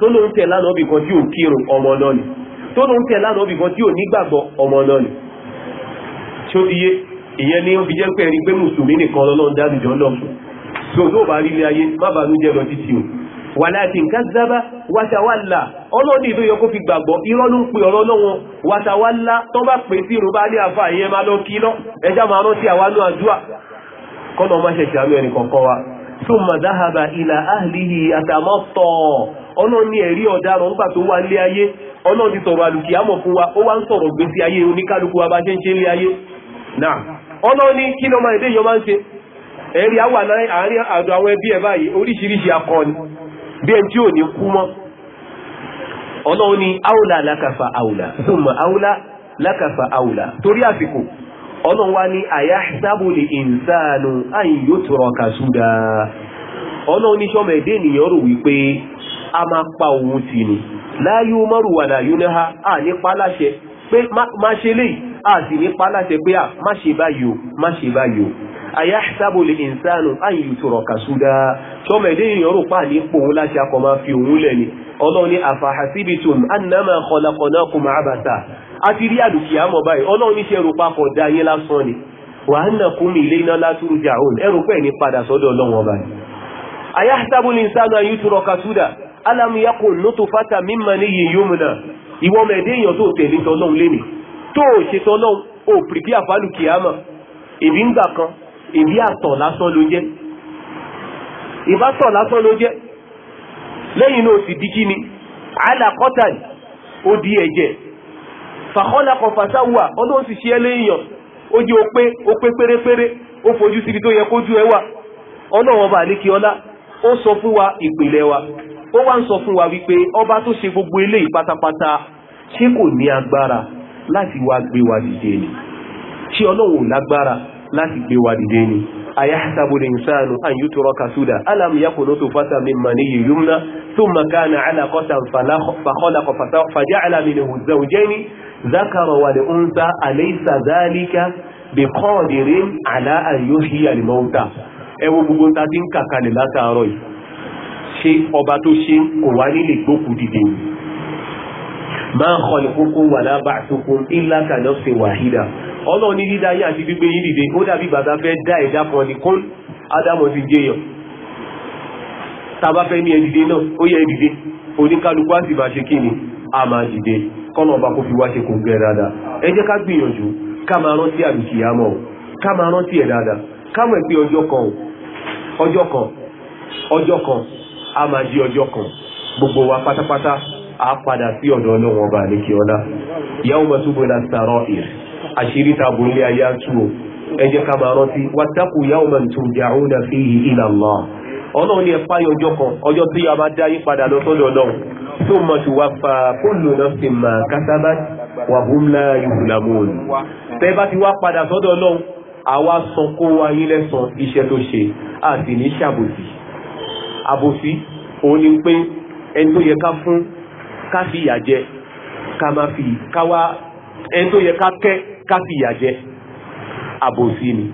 tó lóun tẹ̀ lánàá bì kan tí ò kírun ọmọ náà ni tó lóun tẹ̀ lánàá bì kan tí ò nígbàgbọ́ ọmọ náà ni tí ó yé ìyẹn ni ó jẹ́ pé ẹni pé mùsùlùmí nìkan lọ́lọ́run dálùjọ́ náà fún tó tó bá rí ilé ayé má bá lọ títí o wàláàtì kazaba wàtàwàlà fi gbàgbọ́ irọ́ ló ń ọ̀rọ̀ lọ́wọ́ tó bá pè sí ìrùbá ní lọ kí lọ máa rántí àwánú kọ́nà ọmọ àánú wa ilà áhìlì àtàmọ́tọ̀ ọlọ́run ní ẹ̀rí ọ̀daràn ńgbà tó wà nílé ayé ọlọ́run ti sọ̀rọ̀ àlùkìyàmọ̀ fún wa ó wá ń sọ̀rọ̀ gbèsè ayé oníkálukú wa ṣe ń ṣe nílé ayé náà ní kí lọ́mọ èdè yọ máa ń ṣe ẹ̀rí àwà láàárín àdó àwọn ẹbí ẹ̀ báyìí oríṣiríṣi akọni bí ẹni tí ò ní kú mọ́ ọlọ́run ní áwùlà lákàfà áwùlà sùnmọ̀ áwùlà lákàfà áwùlà torí àsìkò wa ni ní àyáṣábòlì ìǹsánù àyìn yóò tọrọ ènìyàn rò wípé a máa pa òun sí ni láyé umaru wà láyé ha a ní paláṣẹ pé má ṣe lè a sì ní paláṣẹ pé a má ṣe báyìí o má ṣe báyìí o àyà sábòlè ìsánù àyìn ìtura kàṣúdà tọmọdé èèyàn rò pa láṣẹ akọ máa fi òun ni ọlọ́run ní àfàhàsíbìtùm annama khalaqnakum abata ti rí àdùkìá mọ̀ báyìí ọlọ́run ní ṣe dá yín lásán ni ẹrù ní padà sọ́dọ̀ ọlọ́run ọba ni àyà kàṣúdà alámúyákò nótófátà mímọ ní yìí yóò múnà ìwọ ọmọ ẹ̀dẹ́ èèyàn tó tẹ̀lé tọ́lọ́hún lénìí tó o ṣe o pìrìpì àfálù kìámà èbí ń gbà kan èbí àtọ̀ lásán ló jẹ́ ìbátọ̀ lásán ló jẹ́ lẹ́yìn náà ó sì di kíni alákọ́tà ó di ẹ̀jẹ̀ fàkọ́lákọ̀ fàṣáwà ọlọ́run sì ṣe ẹlẹ́yìn ó jẹ́ ó pé ó pé pérépéré ó fojú síbi tó yẹ kójú ẹ wà ọlọ́run ọba sọ fún wa ìpìlẹ̀ wa ó wá ń sọ fún wa wípé ọba tó ṣe gbogbo eléyìí pátápátá ṣé kò ní agbára láti wá gbé wa dìde ni ṣé ọlọ́run ò lágbára láti gbé wa dìde ni ayahsabu al-insanu an yutraka suda alam yakun nutfatan min maniyyin yumna thumma kana alaqatan fakhalaqa faja'ala minhu zawjayni dhakara wal untha alaysa dhalika biqadirin ala an yuhyiya al-mawta ẹ wo ta ti ń kàkalẹ̀ látàárọ̀ ṣe ọba tó ṣe kò wá nílè gbókù dìde ni máa ń kọlù kókó wà lábà àtòkò ńlá kàná ṣe wàhídà ọlọ́run ní dídá yín àti gbígbé yín dìde ó dàbí bàbá fẹ́ dá ẹ̀dá kan ní kún ádámọ̀ ti jẹyàn tàbá fẹ́ ní ẹ̀dìdé náà ó yẹ ẹ̀dìdé oníkálukú á sì máa ṣe kíni a máa dìde kọ́nà ọba kó fi wá ṣe kò gbẹ dáadáa ẹ jẹ́ ká gbìyànjú ká máa rántí àlùkìyámọ̀ ká máa rántí ẹ̀ dáadáa ká mọ̀ pé ọjọ́ kan ọjọ́ kan ọjọ́ kan a máa di ọjọ́ kan gbogbo wa pátápátá a padà sí ọ̀dọ̀ ọlọ́wọ́n ọba àlekè ọlá yàwó mọ̀túbọ̀ la sàrọ̀ ìr àṣírí tààbù ilé ayé àtúwò ẹ jẹ́ ká máa rántí wàtàkù yàwó mọ̀túbọ̀ fihi ila Allah ọlọ́run ni ẹ̀fá ọjọ́ kan ọjọ́ tí a máa dá yí padà lọ sọ́dọ̀ ọlọ́run tó mọ̀ sí wa fa kullu nafsin ma kasabat wa hum la yuzlamun tẹ́ bá ti wá padà sọ́dọ̀ ọlọ́run àwa sọ kó wa yín lẹ́sàn iṣẹ́ tó ṣe àti ní ṣàbòsí abòfin òun ni pé ẹni tó yẹ ká fún ká fi ìyà jẹ ká má fi ká wá ẹni tó yẹ ká kẹ́ ká fi ìyà jẹ àbòsí ni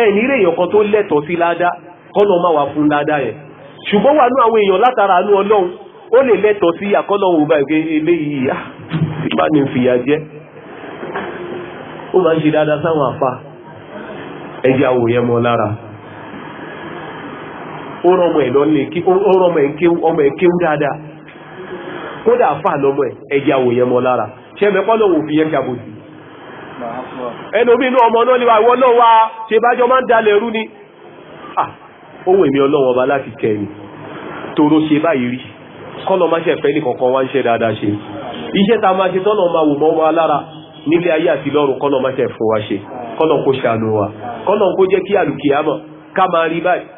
ẹni rẹ̀ èèyàn kan tó lẹ́tọ̀ọ́ sí ládá kọ́nà máa wà fún ládá yẹn ṣùgbọ́n wà ní àwọn èèyàn látara àánú ọlọ́run ó lè lẹ́tọ̀ọ́ sí àkọ́nà òun báyìí pé eléyìí ìyá ah, ìgbà ní fìyà jẹ́ ó máa ń ṣe dáadáa sáwọn àfa ẹjẹ́ àwòyẹmọ lára ó rọmọ ẹ̀ lọ́lẹ̀ kí ó rọmọ ẹ̀ kéwú dáadáa kódà fà lọ́mọ ẹ̀ ẹ̀jẹ̀ àwò yẹn ọmọ lára ṣẹ́bẹ̀ pọ́ lọ́wọ́ fi yẹn kàbò jù ẹnubí inú ọmọ náà níwà náà ṣe máa ń dalẹ̀ rú ni ohun èmi ọlọ́wọ́ ọba láti tòrò ṣe báyìí rí kọ́lọ̀ máa ṣe fẹ́ wá ń ṣe dáadáa ṣe iṣẹ́ ta máa ṣe tọ́lọ̀ máa wò mọ́ wa lára nílé ayé àti kọ́lọ̀ máa ṣe fún wa ṣe kọ́lọ̀ kó wa kọ́lọ̀ kó jẹ́ kí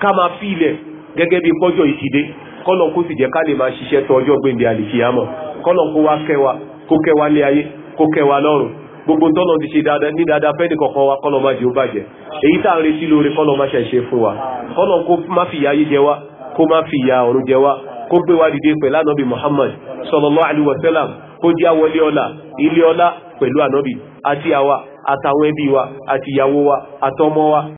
ká máa fi ilẹ̀ gẹ́gẹ́ bí pọ́jọ́ ìṣídé kọ́nà kó sì jẹ́ ká lè máa ṣiṣẹ́ tó ọjọ́ gbèǹdé àlìkìyàmọ̀ kọ́nà kó wá kẹwa kó kẹwa lé ayé kó kẹwa lọ́rùn gbogbo tọ́nà ti ṣe dáadáa ní dáadáa fẹ́ nìkọ̀kan wa kọ́nà má jẹ́ ó bàjẹ́ èyí tá à ń retí lóore kọ́nà má ṣe ṣe fún wa kọ́nà kó má fi ìyà ayé jẹ wá kó má fi ìyà ọ̀run jẹ wá kó gbé wa dìde pẹ̀lú ànábì Muhammad sallallahu alaihi wasallam kó jẹ́ àwọlé ọlá ilé ọlá pẹ̀lú ànábì àti àwa àtàwọn ẹbí wa àti ìyàwó wa àtọmọ wa